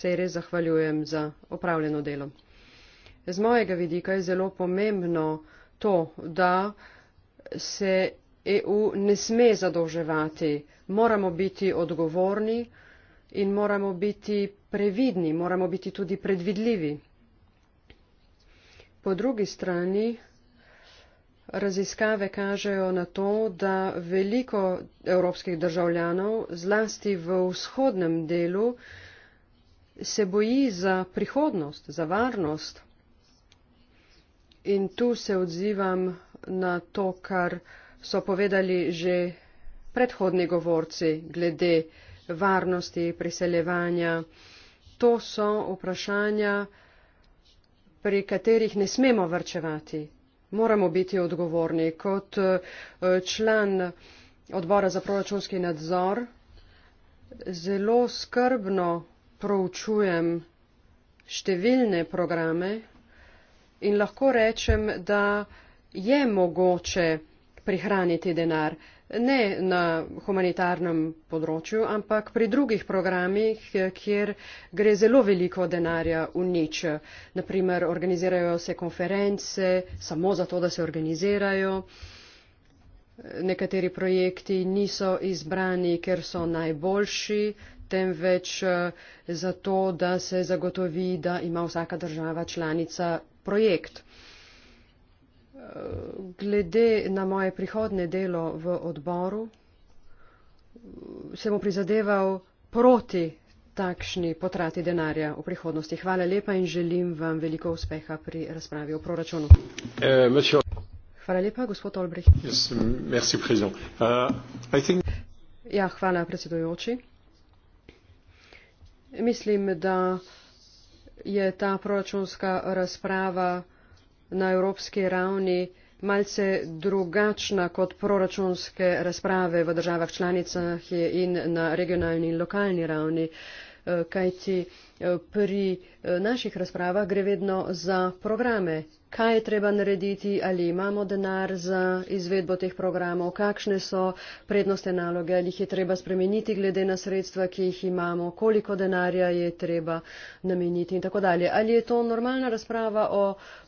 se res zahvaljujem za opravljeno delo. Z mojega vidika je zelo pomembno to, da se EU ne sme zadolževati. Moramo biti odgovorni in moramo biti previdni, moramo biti tudi predvidljivi. Po drugi strani raziskave kažejo na to, da veliko evropskih državljanov, zlasti v vzhodnem delu, se boji za prihodnost, za varnost. In tu se odzivam na to, kar so povedali že predhodni govorci glede varnosti, priseljevanja. To so vprašanja, pri katerih ne smemo vrčevati moramo biti odgovorni kot eh, član odbora za proračunski nadzor. Zelo skrbno proučujem številne programe in lahko rečem, da je mogoče prihraniti denar ne na humanitarnem področju ampak pri drugih programih eh, kjer gre zelo veliko denarja v nič na primer organizirajo se konference samo zato da se organizirajo nekateri projekti niso izbrani ker so najboljši temveč eh, zato da se zagotovi da ima vsaka država članica projekt glede na moje prihodne delo v odboru se bo prizadeval proti takšni potrati denarja v prihodnosti. Hvala lepa in želim vam veliko uspeha pri razpravi o proračunu. Eh, hvala lepa, gospod Olbrich. Eh, ja, hvala, predsedujoči. Mislim, da je ta proračunska razprava na evropski ravni malce drugačna kot proračunske razprave v državah članicah in na regionalni in lokalni ravni. Eh, kajti eh, pri eh, naših razpravah gre vedno za programe. Kaj je treba narediti, ali imamo denar za izvedbo teh programov, kakšne so prednostne naloge, ali jih je treba spremeniti glede na sredstva, ki jih imamo, koliko denarja je treba nameniti in tako dalje. Ali je to normalna razprava o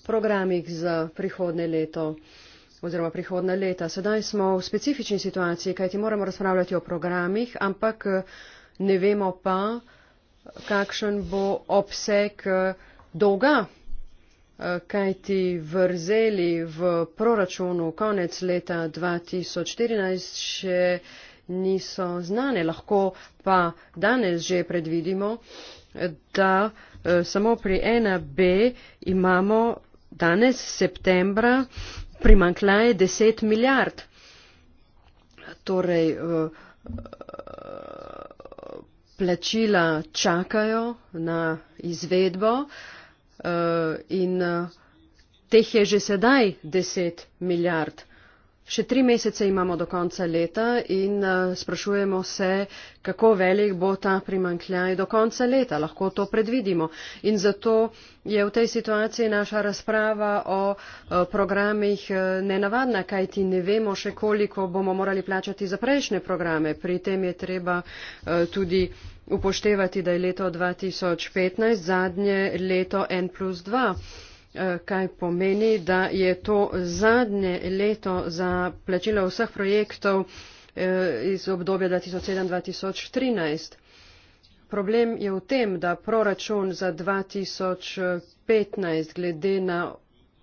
programih za prihodne leto? oziroma prihodna leta. Sedaj smo v specifični situaciji, kajti moramo razpravljati o programih, ampak ne vemo pa, kakšen bo obseg eh, dolga, eh, kaj ti vrzeli v proračunu konec leta 2014 še niso znane. Lahko pa danes že predvidimo, da eh, samo pri 1B imamo danes, septembra, primanklaj 10 milijard. Torej, plačila čakajo na izvedbo eh, in eh, teh je že sedaj 10 milijard. Še tri mesece imamo do konca leta in eh, sprašujemo se, kako velik bo ta primankljaj do konca leta. Lahko to predvidimo. In zato je v tej situaciji naša razprava o eh, programih eh, nenavadna, kajti ne vemo še koliko bomo morali plačati za prejšnje programe. Pri tem je treba tudi upoštevati, da je leto 2015 zadnje leto N plus 2. Eh, kaj pomeni, da je to zadnje leto za plačilo vseh projektov eh, iz obdobja 2007-2013. Problem je v tem, da proračun za 2015 glede na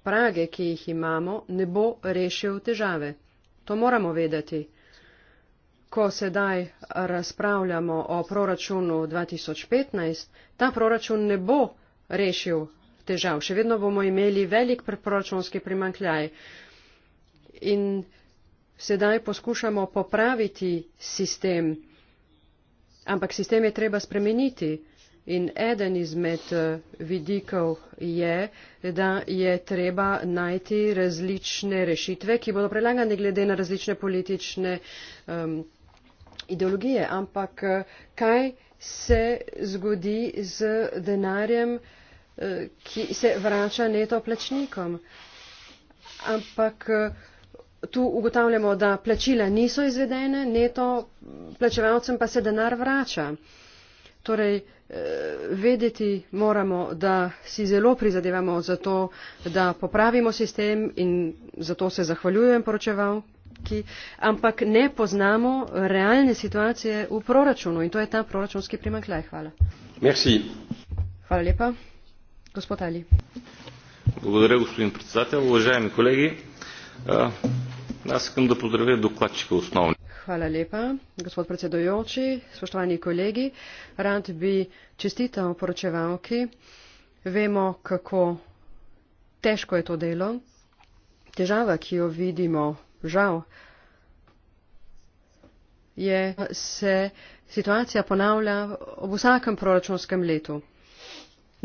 prage, ki jih imamo, ne bo rešil težave. To moramo vedeti. Ko sedaj razpravljamo o proračunu 2015, ta proračun ne bo rešil težav. Še vedno bomo imeli velik proračunski primankljaj. In sedaj poskušamo popraviti sistem, ampak sistem je treba spremeniti. In eden izmed eh, vidikov je, da je treba najti različne rešitve, ki bodo prelagane glede na različne politične um, ideologije. Ampak eh, kaj se zgodi z denarjem? Uh, ki se vrača neto plačnikom. Ampak eh, tu ugotavljamo, da plačila niso izvedene, neto plačevalcem pa se denar vrača. Torej, eh, vedeti moramo, da si zelo prizadevamo za to, da popravimo sistem in zato se zahvaljujem poročevalki, ampak ne poznamo realne situacije v proračunu in to je ta proračunski primankljaj. Hvala. Merci. Hvala lepa gospodin predsedatelj uvaženi kolegi jaz sem da pozdravim dokladčika osnovni hvala lepa gospod predsedujoči spoštovani kolegi rad bi čestital poročevalki vemo kako težko je to delo težava ki jo vidimo žal je se situacija ponavlja ob vsakem proračunskem letu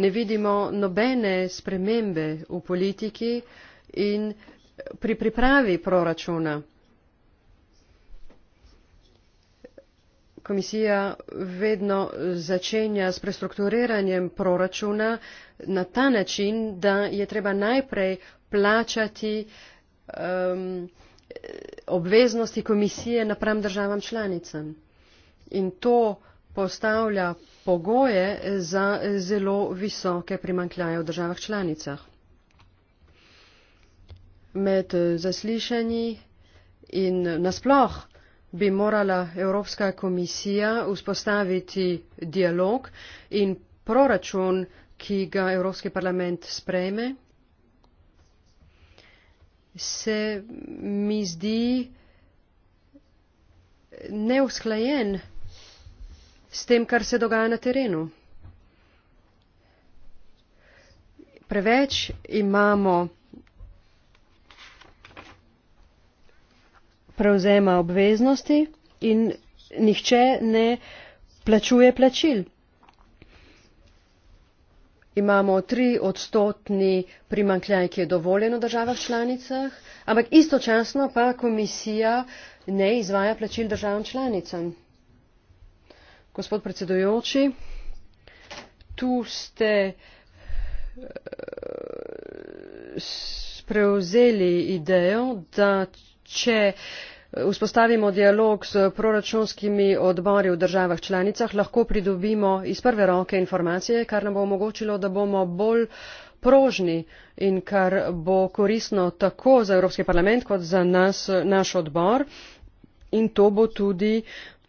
ne vidimo nobene spremembe v politiki in pri pripravi proračuna. Komisija vedno začenja s prestrukturiranjem proračuna na ta način, da je treba najprej plačati um, obveznosti komisije napram državam članicam. In to postavlja pogoje za zelo visoke primankljaje v državah članicah. Med zaslišanji in nasploh bi morala Evropska komisija vzpostaviti dialog in proračun, ki ga Evropski parlament sprejme, se mi zdi neusklajen s tem, kar se dogaja na terenu. Preveč imamo prevzema obveznosti in nihče ne plačuje plačil. Imamo tri odstotni primankljaj, ki je dovoljen v državah članicah, ampak istočasno pa komisija ne izvaja plačil državam članicam gospod predsedujoči tu ste eh, prevzeli idejo da če vzpostavimo dialog s proračunskimi odbori v državah članicah lahko pridobimo iz prve roke informacije kar nam bo omogočilo da bomo bolj prožni in kar bo koristno tako za evropski parlament kot za nas naš odbor in to bo tudi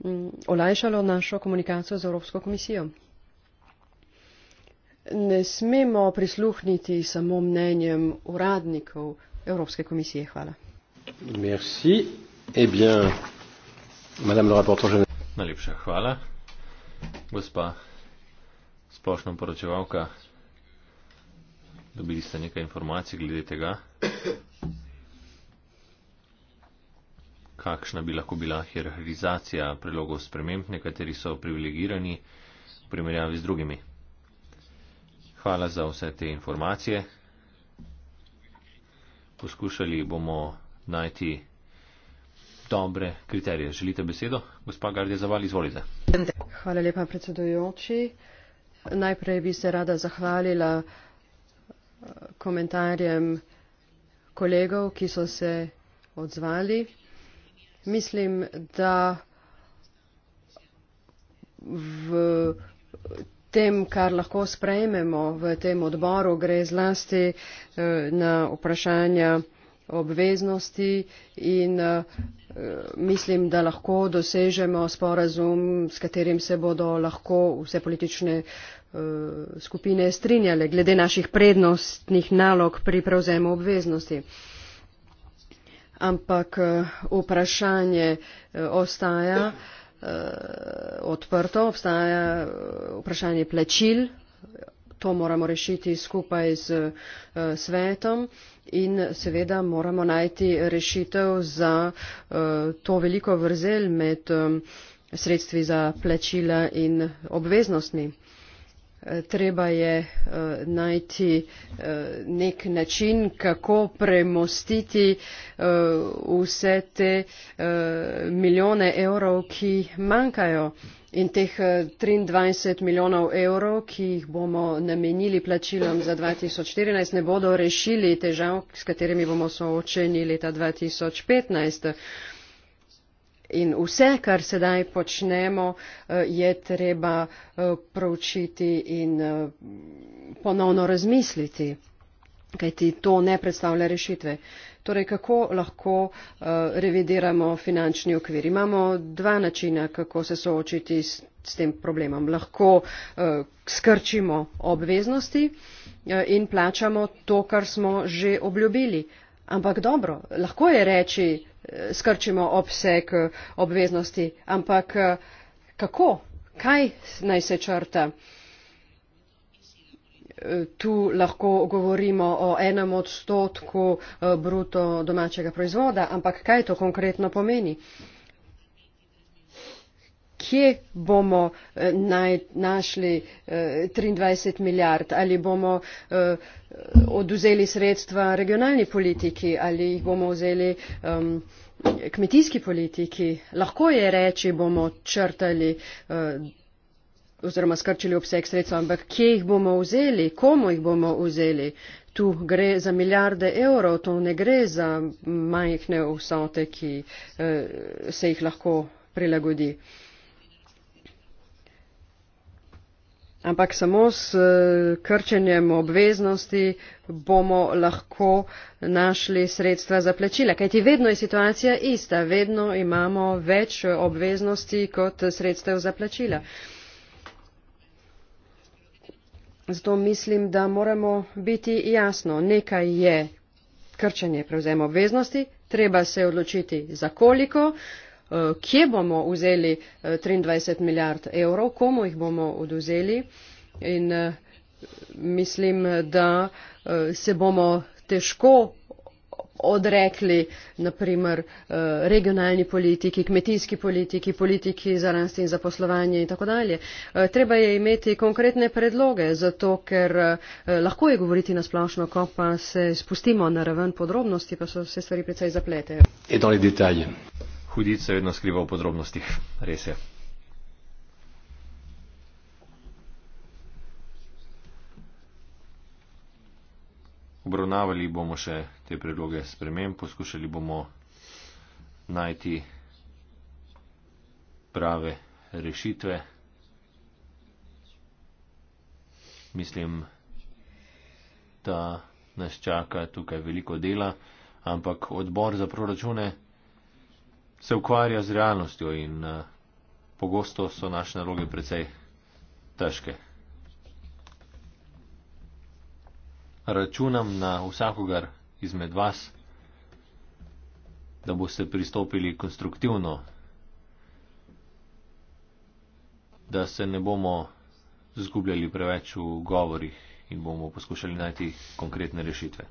Mm, olajšalo našo komunikacijo z Evropsko komisijo. Ne smemo prisluhniti samo mnenjem uradnikov Evropske komisije. Hvala. Merci. Eh bien, madame le rapporteur général. Najlepša hvala. Gospa splošna poročevalka, dobili ste nekaj informacij glede tega kakšna bi lahko bila hierarhizacija predlogov sprememb, nekateri so privilegirani v primerjavi z drugimi. Hvala za vse te informacije. Poskušali bomo najti dobre kriterije. Želite besedo? Gospa Gardija Zaval, izvolite. Hvala lepa, predsedujoči. Najprej bi se rada zahvalila eh, komentarjem kolegov, ki so se odzvali mislim, da v tem, kar lahko sprejmemo v tem odboru, gre zlasti eh, na vprašanja obveznosti in eh, mislim, da lahko dosežemo sporazum, s katerim se bodo lahko vse politične eh, skupine strinjale glede naših prednostnih nalog pri prevzemu obveznosti ampak eh, vprašanje eh, ostaja eh, odprto, obstaja vprašanje plačil, to moramo rešiti skupaj z svetom in seveda moramo najti rešitev za to veliko vrzel med sredstvi za plačila in obveznostmi treba je eh, najti eh, nek način, kako premostiti eh, vse te milijone evrov, ki manjkajo. In teh 23 milijonov evrov, ki jih bomo namenili plačilom za 2014, ne bodo rešili težav, s katerimi bomo soočeni leta 2015 in vse kar sedaj počnemo eh, je treba eh, proučiti in eh, ponovno razmisliti kajti to ne predstavlja rešitve. Torej, kako lahko revidiramo finančni okvir? Imamo dva načina, kako se soočiti s tem problemom. Lahko skrčimo obveznosti in plačamo to, kar smo že obljubili. Ampak dobro, lahko je reči, skrčimo obseg eh, obveznosti ampak eh, kako kaj naj se črta eh, tu lahko govorimo o enem odstotku bruto domačega proizvoda ampak kaj to konkretno pomeni Kje bomo naj, našli eh, 23 milijard? Ali bomo eh, oduzeli sredstva regionalni politiki, ali jih bomo vzeli eh, kmetijski politiki, lahko je reči, bomo črtali eh, oziroma skrčili obseg sredstva, ampak kje jih bomo vzeli, komu jih bomo vzeli. Tu gre za milijarde evrov, to ne gre za majhne vsote, ki eh, se jih lahko prilagodi. ampak samo s eh, krčenjem obveznosti bomo lahko našli sredstva za plačila. Kajti vedno je situacija ista, vedno imamo več obveznosti kot sredstev za plačila. Zato mislim, da moramo biti jasno, nekaj je krčenje prevzema obveznosti, treba se odločiti za koliko, Eh, kje bomo vzeli 23 eh, milijard evrov, komu jih bomo oduzeli in eh, mislim, da se bomo težko odrekli naprimer regionalni politiki, kmetijski politiki, politiki za rast in zaposlovanje in tako dalje. Treba je imeti konkretne predloge, zato ker lahko je govoriti na splošno, ko pa se spustimo na raven podrobnosti, pa so vse stvari precej zapletejo hudič se vedno skriva v podrobnostih, res je. Obravnavali bomo še te predloge spremem, poskušali bomo najti prave rešitve. Mislim, da nas čaka tukaj veliko dela, ampak odbor za proračune se ukvarja z realnostjo in uh, pogosto so naše naloge precej težke. Računam na vsakogar izmed vas, da boste pristopili konstruktivno, da se ne bomo zgubljali preveč v govorih in bomo poskušali najti konkretne rešitve.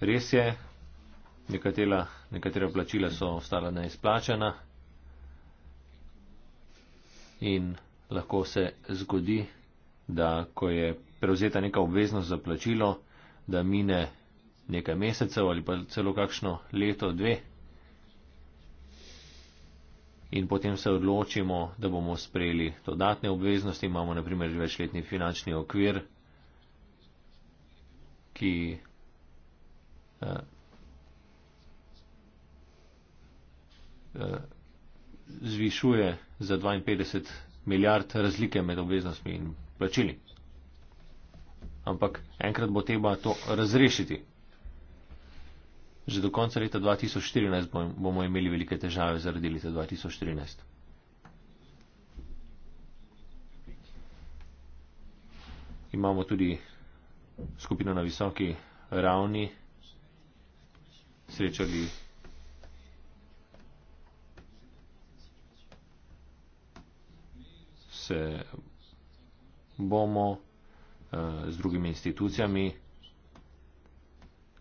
Res je, Nekatera, nekatera plačila so ostala neizplačena in lahko se zgodi, da ko je prevzeta neka obveznost za plačilo, da mine nekaj mesecev ali pa celo kakšno leto, dve in potem se odločimo, da bomo sprejeli dodatne obveznosti, imamo naprimer večletni finančni okvir, ki. Eh, Eh, zvišuje za 52 milijard razlike med obveznostmi in plačili. Ampak enkrat bo treba to razrešiti. Že do konca leta 2014 bomo imeli velike težave zaradi leta 2014. Imamo tudi skupino na visoki ravni, srečali se bomo eh, z drugimi institucijami.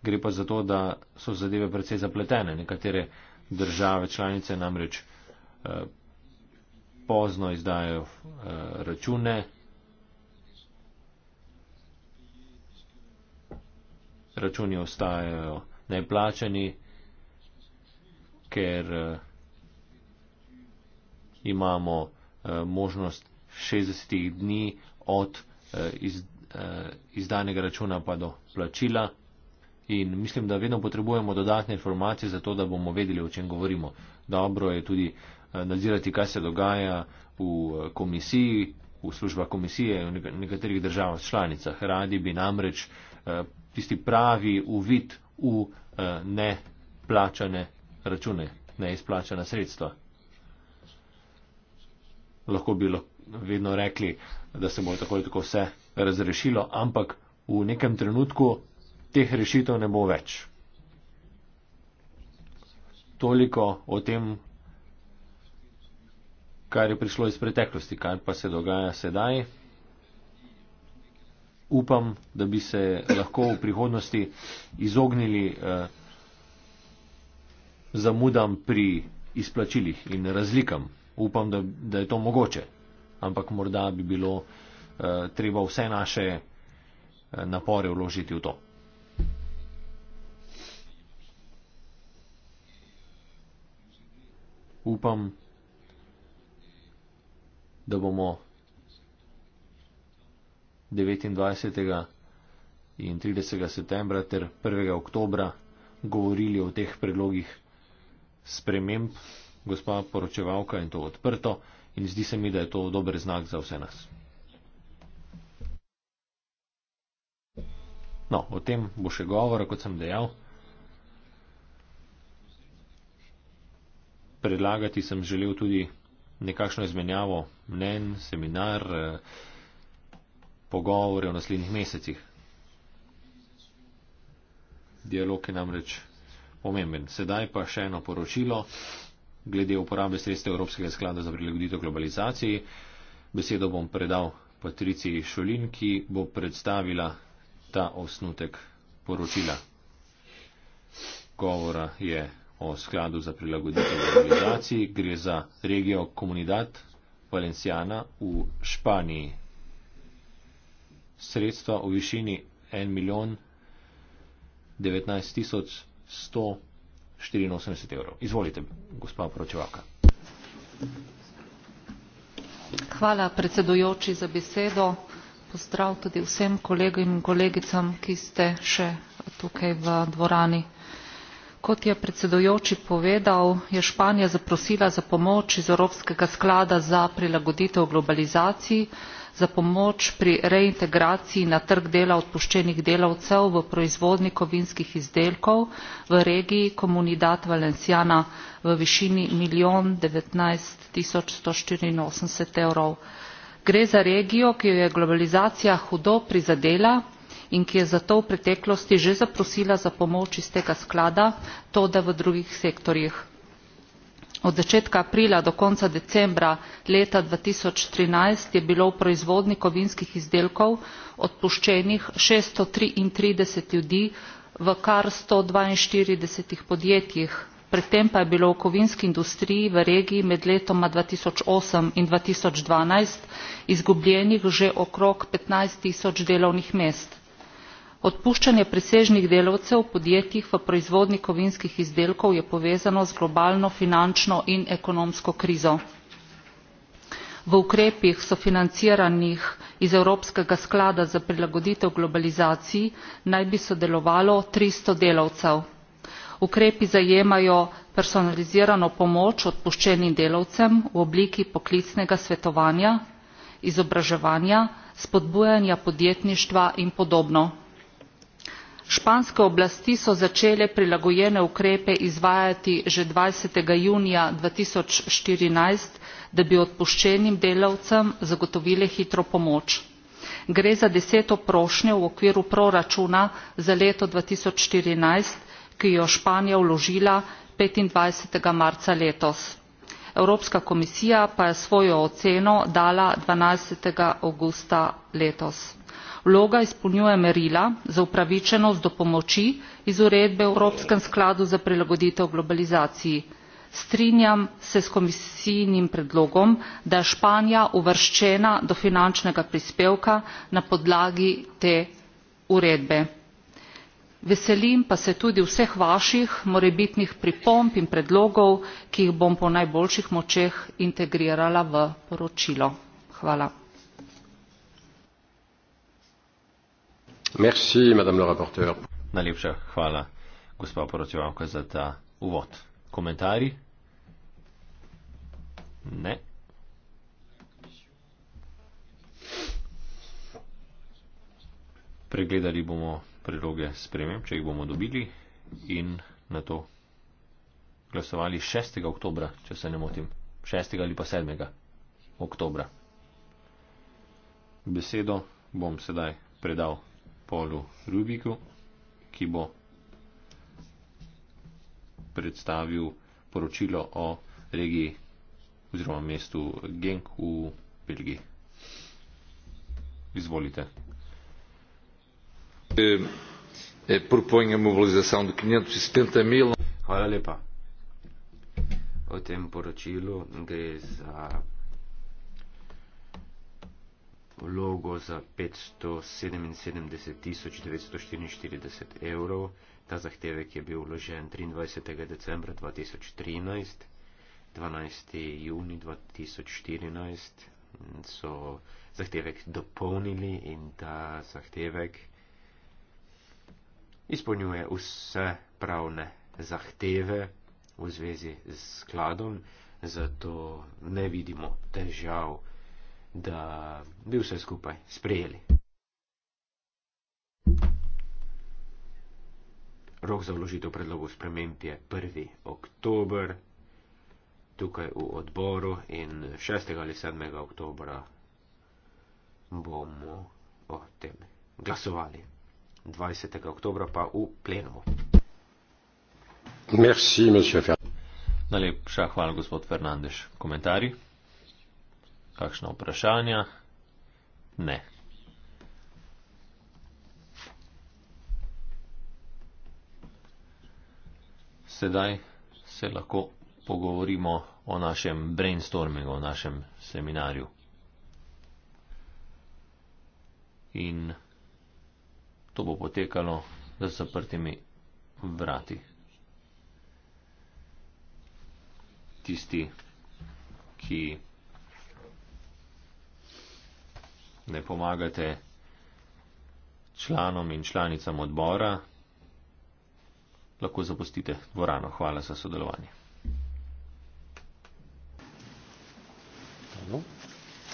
Gre pa za to, da so zadeve precej zapletene. Nekatere države članice namreč eh, pozno izdajo eh, račune. Računi ostajajo neplačeni, ker imamo možnost 60 dni od eh, iz, eh, izdanega računa pa do plačila. In mislim, da vedno potrebujemo dodatne informacije, zato da bomo vedeli, o čem govorimo. Dobro je tudi eh, nadzirati, kaj se dogaja v komisiji, v službah komisije in v nekaterih državah članicah. Radi bi namreč tisti pravi uvid v neplačane račune, neizplačana sredstva. Lahko bi lahko vedno rekli, da se bo tako ali tako vse razrešilo, ampak v nekem trenutku teh rešitev ne bo več. Toliko o tem, kar je prišlo iz preteklosti, kar pa se dogaja sedaj. Upam, da bi se lahko v prihodnosti izognili eh, zamudam pri izplačilih in razlikam. Upam, da, da je to mogoče ampak morda bi bilo eh, treba vse naše eh, napore vložiti v to. Upam, da bomo 29. in 30. septembra ter 1. oktobra govorili o teh predlogih sprememb, gospa poročevalka, in to odprto in zdi se mi, da je to dober znak za vse nas. No, o tem bo še govora, kot sem dejal. Predlagati sem želel tudi nekakšno izmenjavo mnen, seminar, eh, pogovore v naslednjih mesecih. Dialog je namreč pomemben. Sedaj pa še eno poročilo glede uporabe sredstev Evropskega sklada za prilagoditev globalizaciji. Besedo bom predal Patriciji Šolin, ki bo predstavila ta osnutek poročila. Govora je o skladu za prilagoditev globalizaciji. Gre za regijo Comunidad Valenciana v Španiji. Sredstva v višini 1 milijon 19 tisoč 100 84 evrov. Izvolite, gospa Pročevaka. Hvala predsedujoči za besedo. Pozdrav tudi vsem kolegom in kolegicam, ki ste še tukaj v dvorani. Kot je predsedujoči povedal, je Španija zaprosila za pomoč iz Evropskega sklada za prilagoditev globalizaciji, za pomoč pri reintegraciji na trg dela odpuščenih delavcev v proizvodnji kovinskih izdelkov v regiji Comunidad Valenciana v višini milijon devetnajst tisoč sto štiriinosemdeset evrov. Gre za regijo, ki jo je globalizacija hudo prizadela in ki je zato v preteklosti že zaprosila za pomoč iz tega sklada, toda v drugih sektorjih od začetka aprila do konca decembra leta dva tisoč trinajst je bilo v proizvodnji kovinskih izdelkov odpuščenih šeststo triintrideset ljudi v kar sto dvainštiridesetih podjetjih pred tem pa je bilo v kovinski industriji v regiji med letoma dva tisoč osem in dva tisoč dvanajst izgubljenih že okrog petnajst tisoč delovnih mest odpuščanje presežnih delavcev v podjetjih v proizvodnji kovinskih izdelkov je povezano z globalno finančno in ekonomsko krizo. v ukrepih sofinanciranih iz evropskega sklada za prilagoditev globalizaciji naj bi sodelovalo tristo delavcev. ukrepi zajemajo personalizirano pomoč odpuščenim delavcem v obliki poklicnega svetovanja izobraževanja spodbujanja podjetništva in podobno španske oblasti so začele prilagojene ukrepe izvajati že dvajset junija dva tisoč štirinajst da bi odpuščenim delavcem zagotovile hitro pomoč. gre za deset oprošnjev v okviru proračuna za leto dva tisoč štirinajst ki jo je španija vložila petindvajset marca letos evropska komisija pa je svojo oceno dala dvanajst avgusta letos vloga izpolnjuje merila za upravičenost do pomoči iz uredbe o evropskem skladu za prilagoditev globalizaciji. strinjam se s komisijinim predlogom da je španija uvrščena do finančnega prispevka na podlagi te uredbe. veselim pa se tudi vseh vaših morebitnih pripomb in predlogov ki jih bom po najboljših močeh integrirala v poročilo. hvala. Merci, madame le rapporteur. Najlepša hvala, gospod poročevalka, za ta uvod. Komentari? Ne. Pregledali bomo predloge sprememb, če jih bomo dobili, in na to glasovali 6. oktobra, če se ne motim, 6. ali pa 7. oktobra. Besedo bom sedaj predal Polu Rubiku, ki bo predstavil poročilo o regiji oziroma mestu Genk v Belgiji. Izvolite. Eh, eh, Proponja mobilizacijo do 570 e mil. Hvala lepa. O tem poročilu gre za vlogo za 577.944 evrov, ta zahtevek je bil vložen 23. decembra 2013, 12. juni 2014 so zahtevek dopolnili in ta zahtevek izpolnjuje vse pravne zahteve v zvezi s skladom, zato ne vidimo težav da bi vse skupaj sprejeli. Rok za vložitev predlogov sprememb je 1. oktober tukaj v odboru in 6. ali 7. oktober bomo o tem glasovali. 20. oktober pa v plenumu. Merci, monsieur Fernandez. Najlepša hvala, gospod Fernandez. Komentarji? kakšna vprašanja? Ne. Sedaj se lahko pogovorimo o našem brainstormingu, o našem seminarju. In to bo potekalo za zaprtimi vrati. Tisti, ki ne pomagate članom in članicam odbora, lahko zapustite dvorano. Hvala za sodelovanje. Hvala. No.